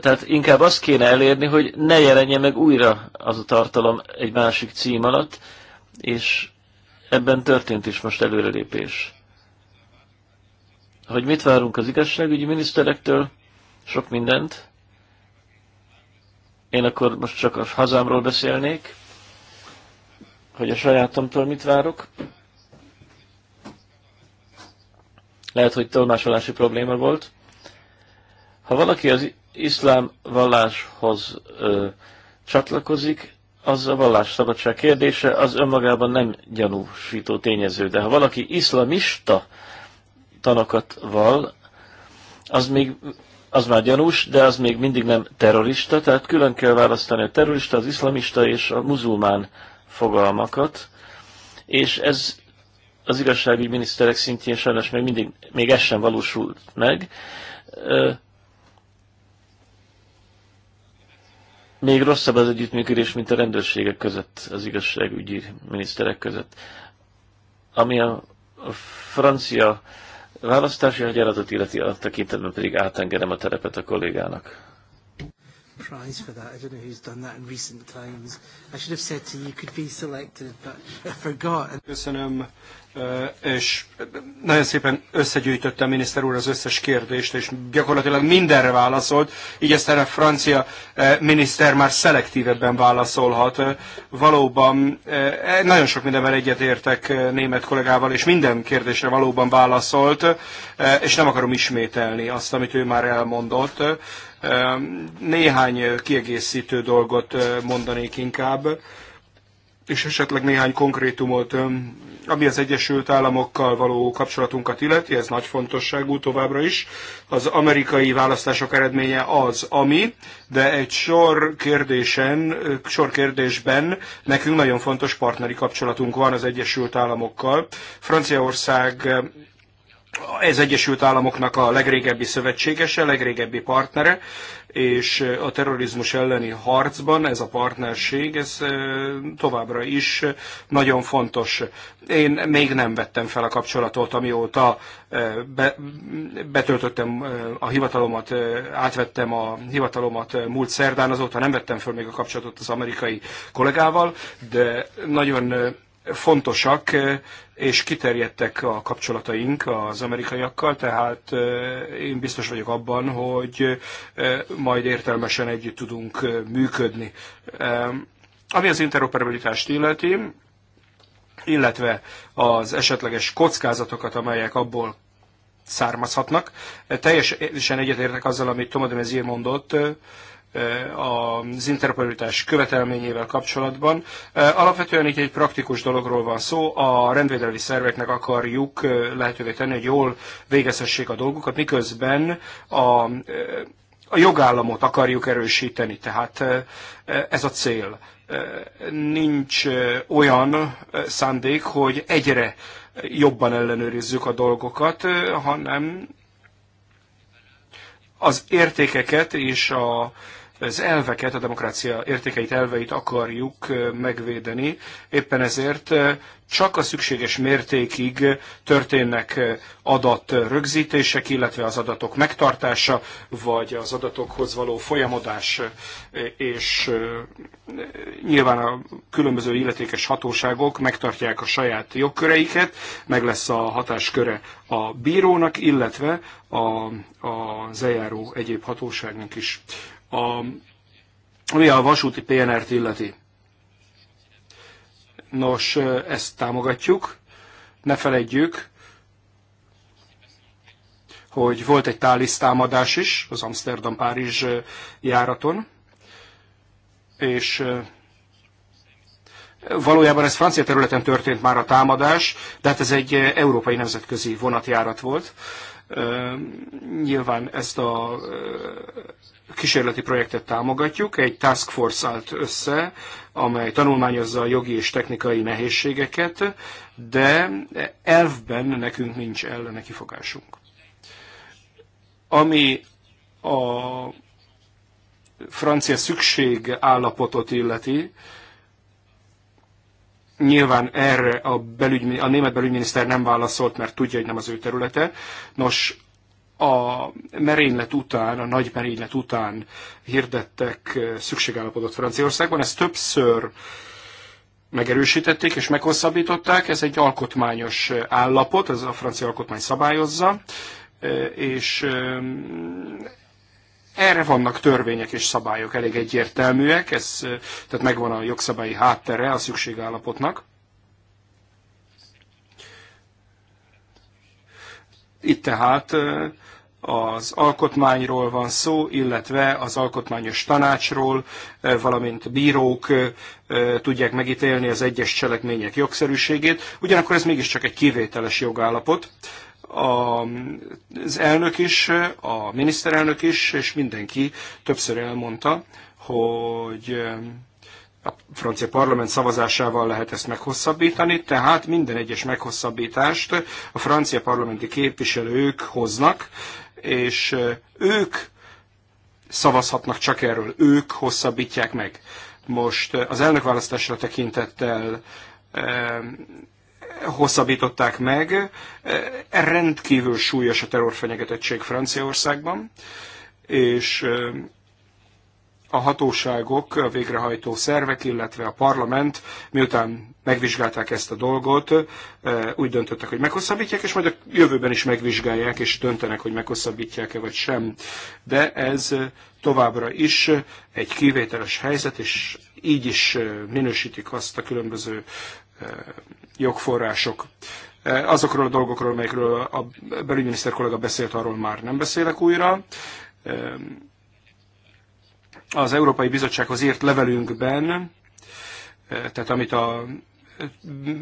Tehát inkább azt kéne elérni, hogy ne jelenjen meg újra az a tartalom egy másik cím alatt, és ebben történt is most előrelépés. Hogy mit várunk az igazságügyi miniszterektől? Sok mindent. Én akkor most csak a hazámról beszélnék, hogy a sajátomtól mit várok. Lehet, hogy tolmásolási probléma volt. Ha valaki az iszlám valláshoz ö, csatlakozik, az a vallásszabadság kérdése, az önmagában nem gyanúsító tényező. De ha valaki iszlamista tanokat val, az még az már gyanús, de az még mindig nem terrorista, tehát külön kell választani a terrorista, az iszlamista és a muzulmán fogalmakat, és ez az igazságügyminiszterek szintjén sajnos még mindig, még ez sem valósult meg. Még rosszabb az együttműködés, mint a rendőrségek között, az igazságügyi miniszterek között. Ami a francia választási hagyaratot illeti, a tekintetben pedig átengedem a terepet a kollégának. Prize for that. I don't know who's done that in recent times. I should have said to you, you could be selected, but I forgot. Köszönöm és nagyon szépen összegyűjtötte a miniszter úr az összes kérdést, és gyakorlatilag mindenre válaszolt, így aztán a francia miniszter már szelektívebben válaszolhat. Valóban e, nagyon sok mindenben egyetértek német kollégával, és minden kérdésre valóban válaszolt, és nem akarom ismételni azt, amit ő már elmondott. Néhány kiegészítő dolgot mondanék inkább, és esetleg néhány konkrétumot ami az Egyesült Államokkal való kapcsolatunkat illeti, ez nagy fontosságú továbbra is. Az amerikai választások eredménye az, ami, de egy sor kérdésen, sor kérdésben nekünk nagyon fontos partneri kapcsolatunk van az Egyesült Államokkal. Franciaország ez Egyesült Államoknak a legrégebbi szövetségese, legrégebbi partnere, és a terrorizmus elleni harcban ez a partnerség, ez továbbra is nagyon fontos. Én még nem vettem fel a kapcsolatot, amióta be, betöltöttem a hivatalomat, átvettem a hivatalomat múlt szerdán, azóta nem vettem fel még a kapcsolatot az amerikai kollégával, de nagyon fontosak, eh, és kiterjedtek a kapcsolataink az amerikaiakkal, tehát eh, én biztos vagyok abban, hogy eh, majd értelmesen együtt tudunk működni. Ami az interoperabilitást illeti, illetve az esetleges kockázatokat, amelyek abból származhatnak. Teljesen egyetértek azzal, amit Tomadem ezért mondott, Eh, az interoperabilitás követelményével kapcsolatban. Eh, alapvetően itt egy praktikus dologról van szó, a rendvédelmi szerveknek akarjuk eh, lehetővé tenni, hogy jól végezhessék a dolgukat, miközben a, a jogállamot akarjuk erősíteni, tehát ez a cél. Nincs olyan szándék, hogy egyre jobban ellenőrizzük a dolgokat, hanem az értékeket és a az elveket, a demokrácia értékeit, elveit akarjuk megvédeni. Éppen ezért csak a szükséges mértékig történnek adat rögzítések, illetve az adatok megtartása, vagy az adatokhoz való folyamodás, és nyilván a különböző illetékes hatóságok megtartják a saját jogköreiket, meg lesz a hatásköre a bírónak, illetve a, az eljáró egyéb hatóságnak is. A, ami a vasúti PNR-t illeti. Nos, ezt támogatjuk. Ne feledjük, hogy volt egy tális támadás is az Amsterdam-Párizs járaton, és valójában ez francia területen történt már a támadás, de hát ez egy európai nemzetközi vonatjárat volt. Nyilván ezt a kísérleti projektet támogatjuk, egy task force állt össze, amely tanulmányozza a jogi és technikai nehézségeket, de elvben nekünk nincs ellene kifogásunk. Ami a francia szükség állapotot illeti, Nyilván erre a, a német belügyminiszter nem válaszolt, mert tudja, hogy nem az ő területe. Nos, a merénylet után, a nagy merénylet után hirdettek szükségállapodott Franciaországban, ezt többször megerősítették és meghosszabbították, ez egy alkotmányos állapot, ez a francia alkotmány szabályozza, és erre vannak törvények és szabályok elég egyértelműek, ez, tehát megvan a jogszabályi háttere a szükségállapotnak. Itt tehát az alkotmányról van szó, illetve az alkotmányos tanácsról, valamint bírók tudják megítélni az egyes cselekmények jogszerűségét. Ugyanakkor ez mégiscsak egy kivételes jogállapot, az elnök is, a miniszterelnök is, és mindenki többször elmondta, hogy a francia parlament szavazásával lehet ezt meghosszabbítani, tehát minden egyes meghosszabbítást a francia parlamenti képviselők hoznak, és ők szavazhatnak csak erről, ők hosszabbítják meg. Most az elnökválasztásra tekintettel hosszabbították meg. E, rendkívül súlyos a terrorfenyegetettség Franciaországban, és e, a hatóságok, a végrehajtó szervek, illetve a parlament, miután megvizsgálták ezt a dolgot, e, úgy döntöttek, hogy meghosszabbítják, és majd a jövőben is megvizsgálják, és döntenek, hogy meghosszabbítják-e vagy sem. De ez továbbra is egy kivételes helyzet, és így is minősítik azt a különböző jogforrások. E, azokról a dolgokról, melyekről a belügyminiszter kollega beszélt, arról már nem beszélek újra. E, az Európai Bizottsághoz írt levelünkben, e, tehát amit a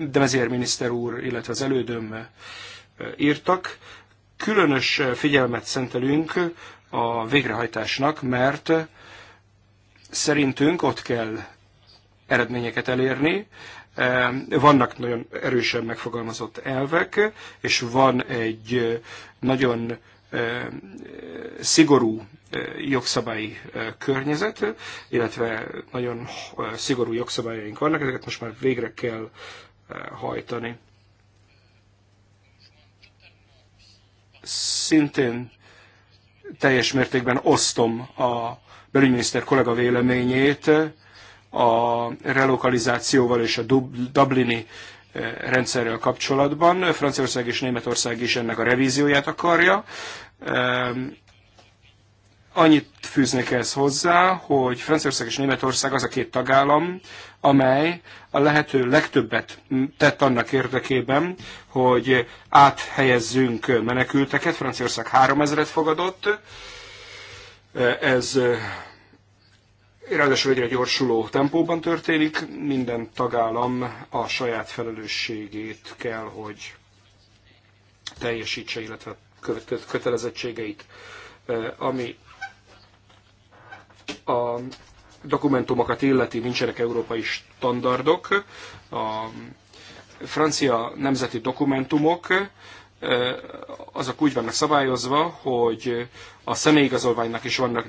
Demezér miniszter úr, illetve az elődöm írtak, különös figyelmet szentelünk a végrehajtásnak, mert szerintünk ott kell eredményeket elérni, Ehm, vannak nagyon erősen megfogalmazott elvek, és van egy eh, nagyon eh, szigorú eh, jogszabályi környezet, illetve nagyon szigorú jogszabályaink vannak, ezeket most már végre kell hajtani. Szintén teljes mértékben osztom a belügyminiszter kollega véleményét, a relokalizációval és a dublini eh, rendszerrel kapcsolatban. Franciaország és Németország is ennek a revízióját akarja. Ehm, annyit fűznék ez hozzá, hogy Franciaország és Németország az a két tagállam, amely a lehető legtöbbet tett annak érdekében, hogy áthelyezzünk menekülteket. Franciaország 3000-et fogadott, ez eh, ráadásul egyre gyorsuló tempóban történik, minden tagállam a saját felelősségét kell, hogy teljesítse, illetve kötelezettségeit, eh, ami a dokumentumokat illeti, nincsenek európai standardok. A francia nemzeti dokumentumok azok úgy vannak szabályozva, hogy a személyigazolványnak is vannak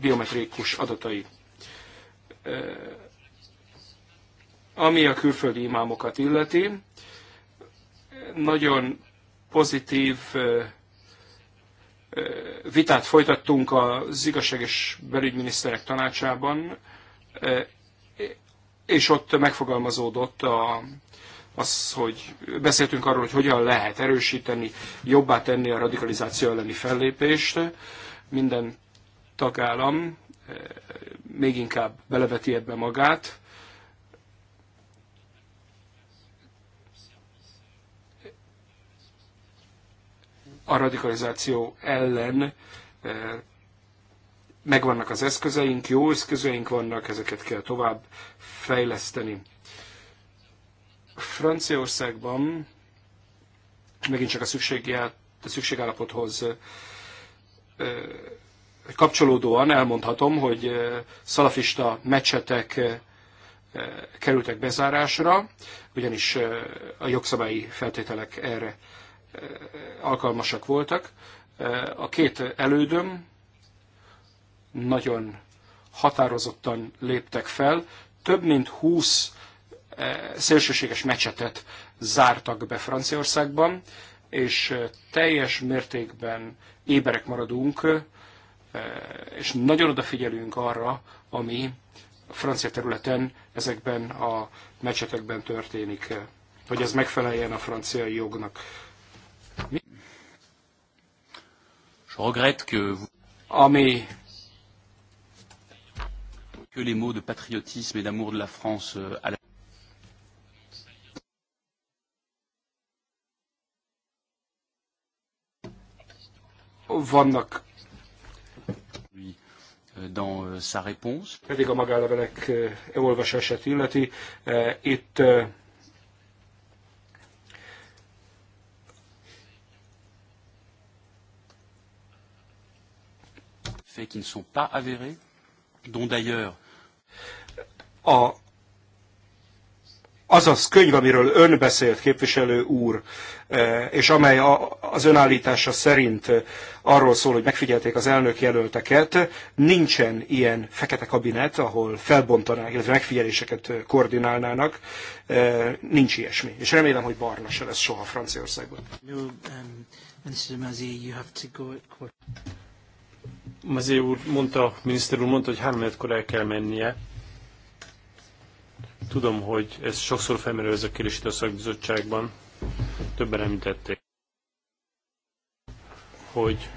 biometrikus adatai. Ami a külföldi imámokat illeti, nagyon pozitív vitát folytattunk az igazság és belügyminiszterek tanácsában, és ott megfogalmazódott a, az, hogy beszéltünk arról, hogy hogyan lehet erősíteni, jobbá tenni a radikalizáció elleni fellépést. Minden tagállam eh, még inkább beleveti ebbe magát. A radikalizáció ellen eh, megvannak az eszközeink, jó eszközeink vannak, ezeket kell tovább fejleszteni. Franciaországban megint csak a, szükségjá, a szükségállapothoz kapcsolódóan elmondhatom, hogy szalafista mecsetek kerültek bezárásra, ugyanis a jogszabályi feltételek erre alkalmasak voltak. A két elődöm nagyon határozottan léptek fel, több mint 20 szélsőséges mecsetet zártak be Franciaországban, és teljes mértékben éberek maradunk, és nagyon odafigyelünk arra, ami a francia területen ezekben a mecsetekben történik, hogy ez megfeleljen a francia jognak. Mi? ami que les mots de patriotisme et d'amour de la France euh, à la vannak. Euh, dans euh, sa réponse. Pedig a magállevelek euh, olvasását illeti. Itt faits qui ne sont pas avérés, dont d'ailleurs. A az az könyv, amiről ön beszélt, képviselő úr, e, és amely az önállítása szerint arról szól, hogy megfigyelték az elnök jelölteket, nincsen ilyen fekete kabinet, ahol felbontanák, illetve megfigyeléseket koordinálnának, e, nincs ilyesmi. És remélem, hogy barna se lesz soha Franciaországban. No, um, Mazé úr mondta, miniszter úr mondta, hogy három el kell mennie. Tudom, hogy ez sokszor felmerül ez a kérdés itt a szakbizottságban. Többen említették, hogy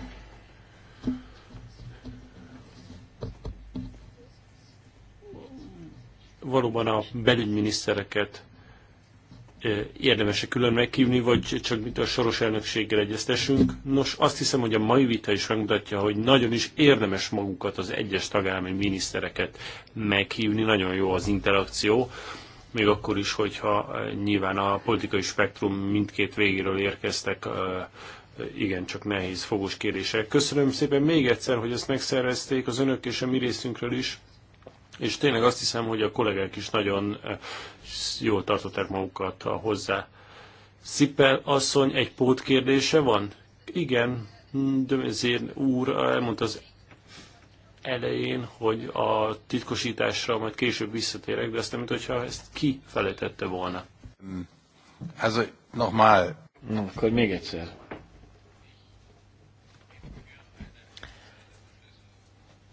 valóban a belügyminisztereket érdemes-e külön meghívni, vagy csak mit a soros elnökséggel egyeztessünk. Nos, azt hiszem, hogy a mai vita is megmutatja, hogy nagyon is érdemes magukat, az egyes tagállami minisztereket meghívni. Nagyon jó az interakció, még akkor is, hogyha nyilván a politikai spektrum mindkét végéről érkeztek igen, csak nehéz fogós kérdések. Köszönöm szépen még egyszer, hogy ezt megszervezték az önök és a mi részünkről is. És tényleg azt hiszem, hogy a kollégák is nagyon eh, jól tartották magukat hozzá. Szippel asszony, egy pótkérdése van? Igen, Dömezén úr eh, elmondta az elején, hogy a titkosításra majd később visszatérek, de azt nem, hogyha ezt ki felejtette volna. Mm, ez, nochmal. Na, akkor még egyszer.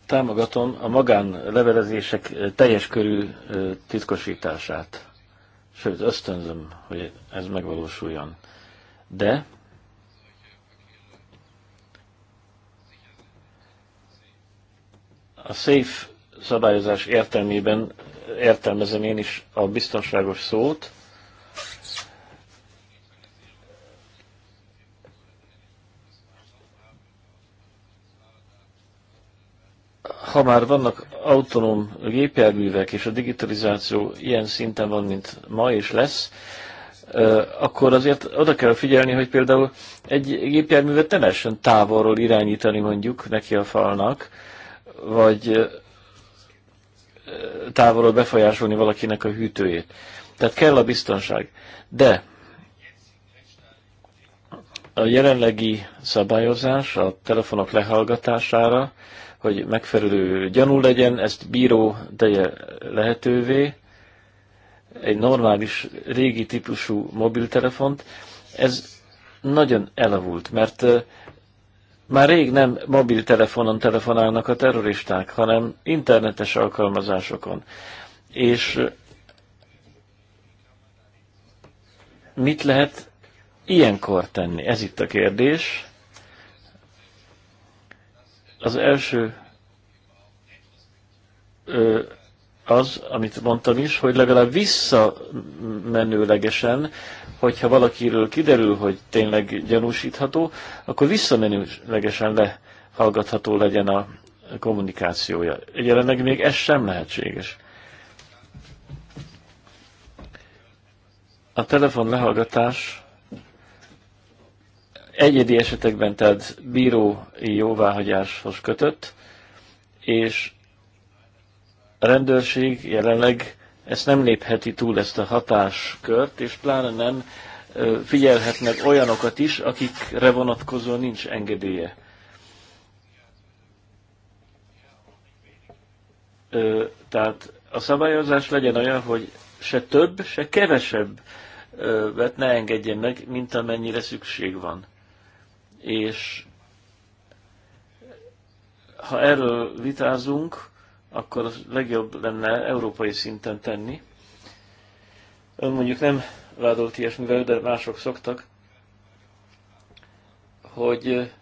támogatom a magánlevelezések teljes körű titkosítását. Sőt, ösztönzöm, hogy ez megvalósuljon. De a SAFE szabályozás értelmében értelmezem én is a biztonságos szót, ha már vannak autonóm gépjárművek, és a digitalizáció ilyen szinten van, mint ma és lesz, akkor azért oda kell figyelni, hogy például egy gépjárművet nem essen távolról irányítani mondjuk neki a falnak, vagy távolról befolyásolni valakinek a hűtőjét. Tehát kell a biztonság. De a jelenlegi szabályozás a telefonok lehallgatására hogy megfelelő gyanú legyen, ezt bíró teje lehetővé, egy normális, régi típusú mobiltelefont. Ez nagyon elavult, mert már rég nem mobiltelefonon telefonálnak a terroristák, hanem internetes alkalmazásokon. És mit lehet ilyenkor tenni? Ez itt a kérdés. Az első az, amit mondtam is, hogy legalább visszamenőlegesen, hogyha valakiről kiderül, hogy tényleg gyanúsítható, akkor visszamenőlegesen lehallgatható legyen a kommunikációja. Jelenleg még ez sem lehetséges. A telefon lehallgatás Egyedi esetekben tehát bírói jóváhagyáshoz kötött, és a rendőrség jelenleg ezt nem lépheti túl, ezt a hatáskört, és pláne nem figyelhetnek olyanokat is, akikre vonatkozó nincs engedélye. Tehát a szabályozás legyen olyan, hogy se több, se kevesebb vet ne engedjen meg, mint amennyire szükség van és ha erről vitázunk, akkor az legjobb lenne európai szinten tenni. Ön mondjuk nem vádolt ilyesmivel, de mások szoktak, hogy,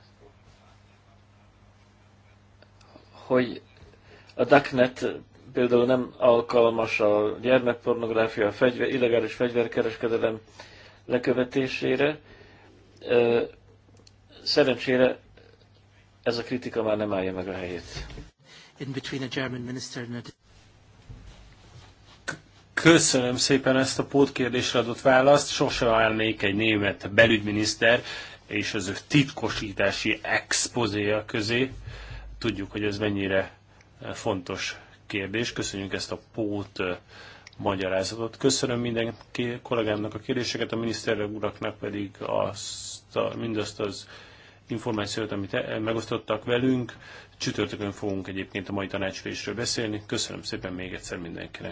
hogy a DACnet például nem alkalmas a gyermekpornográfia, a fegyver, illegális fegyverkereskedelem lekövetésére, Szerencsére ez a kritika már nem állja meg a helyét. In between a German minister and a... Köszönöm szépen ezt a pótkérdésre adott választ. Sose állnék egy német belügyminiszter és az ő titkosítási expozéja közé. Tudjuk, hogy ez mennyire eh, fontos kérdés. Köszönjük ezt a pót eh, magyarázatot. Köszönöm minden kollégámnak a kérdéseket, a miniszterek uraknak pedig azt, mindazt az információt, amit e, megosztottak velünk. Csütörtökön fogunk egyébként a mai tanácsülésről beszélni. Köszönöm szépen még egyszer mindenkinek.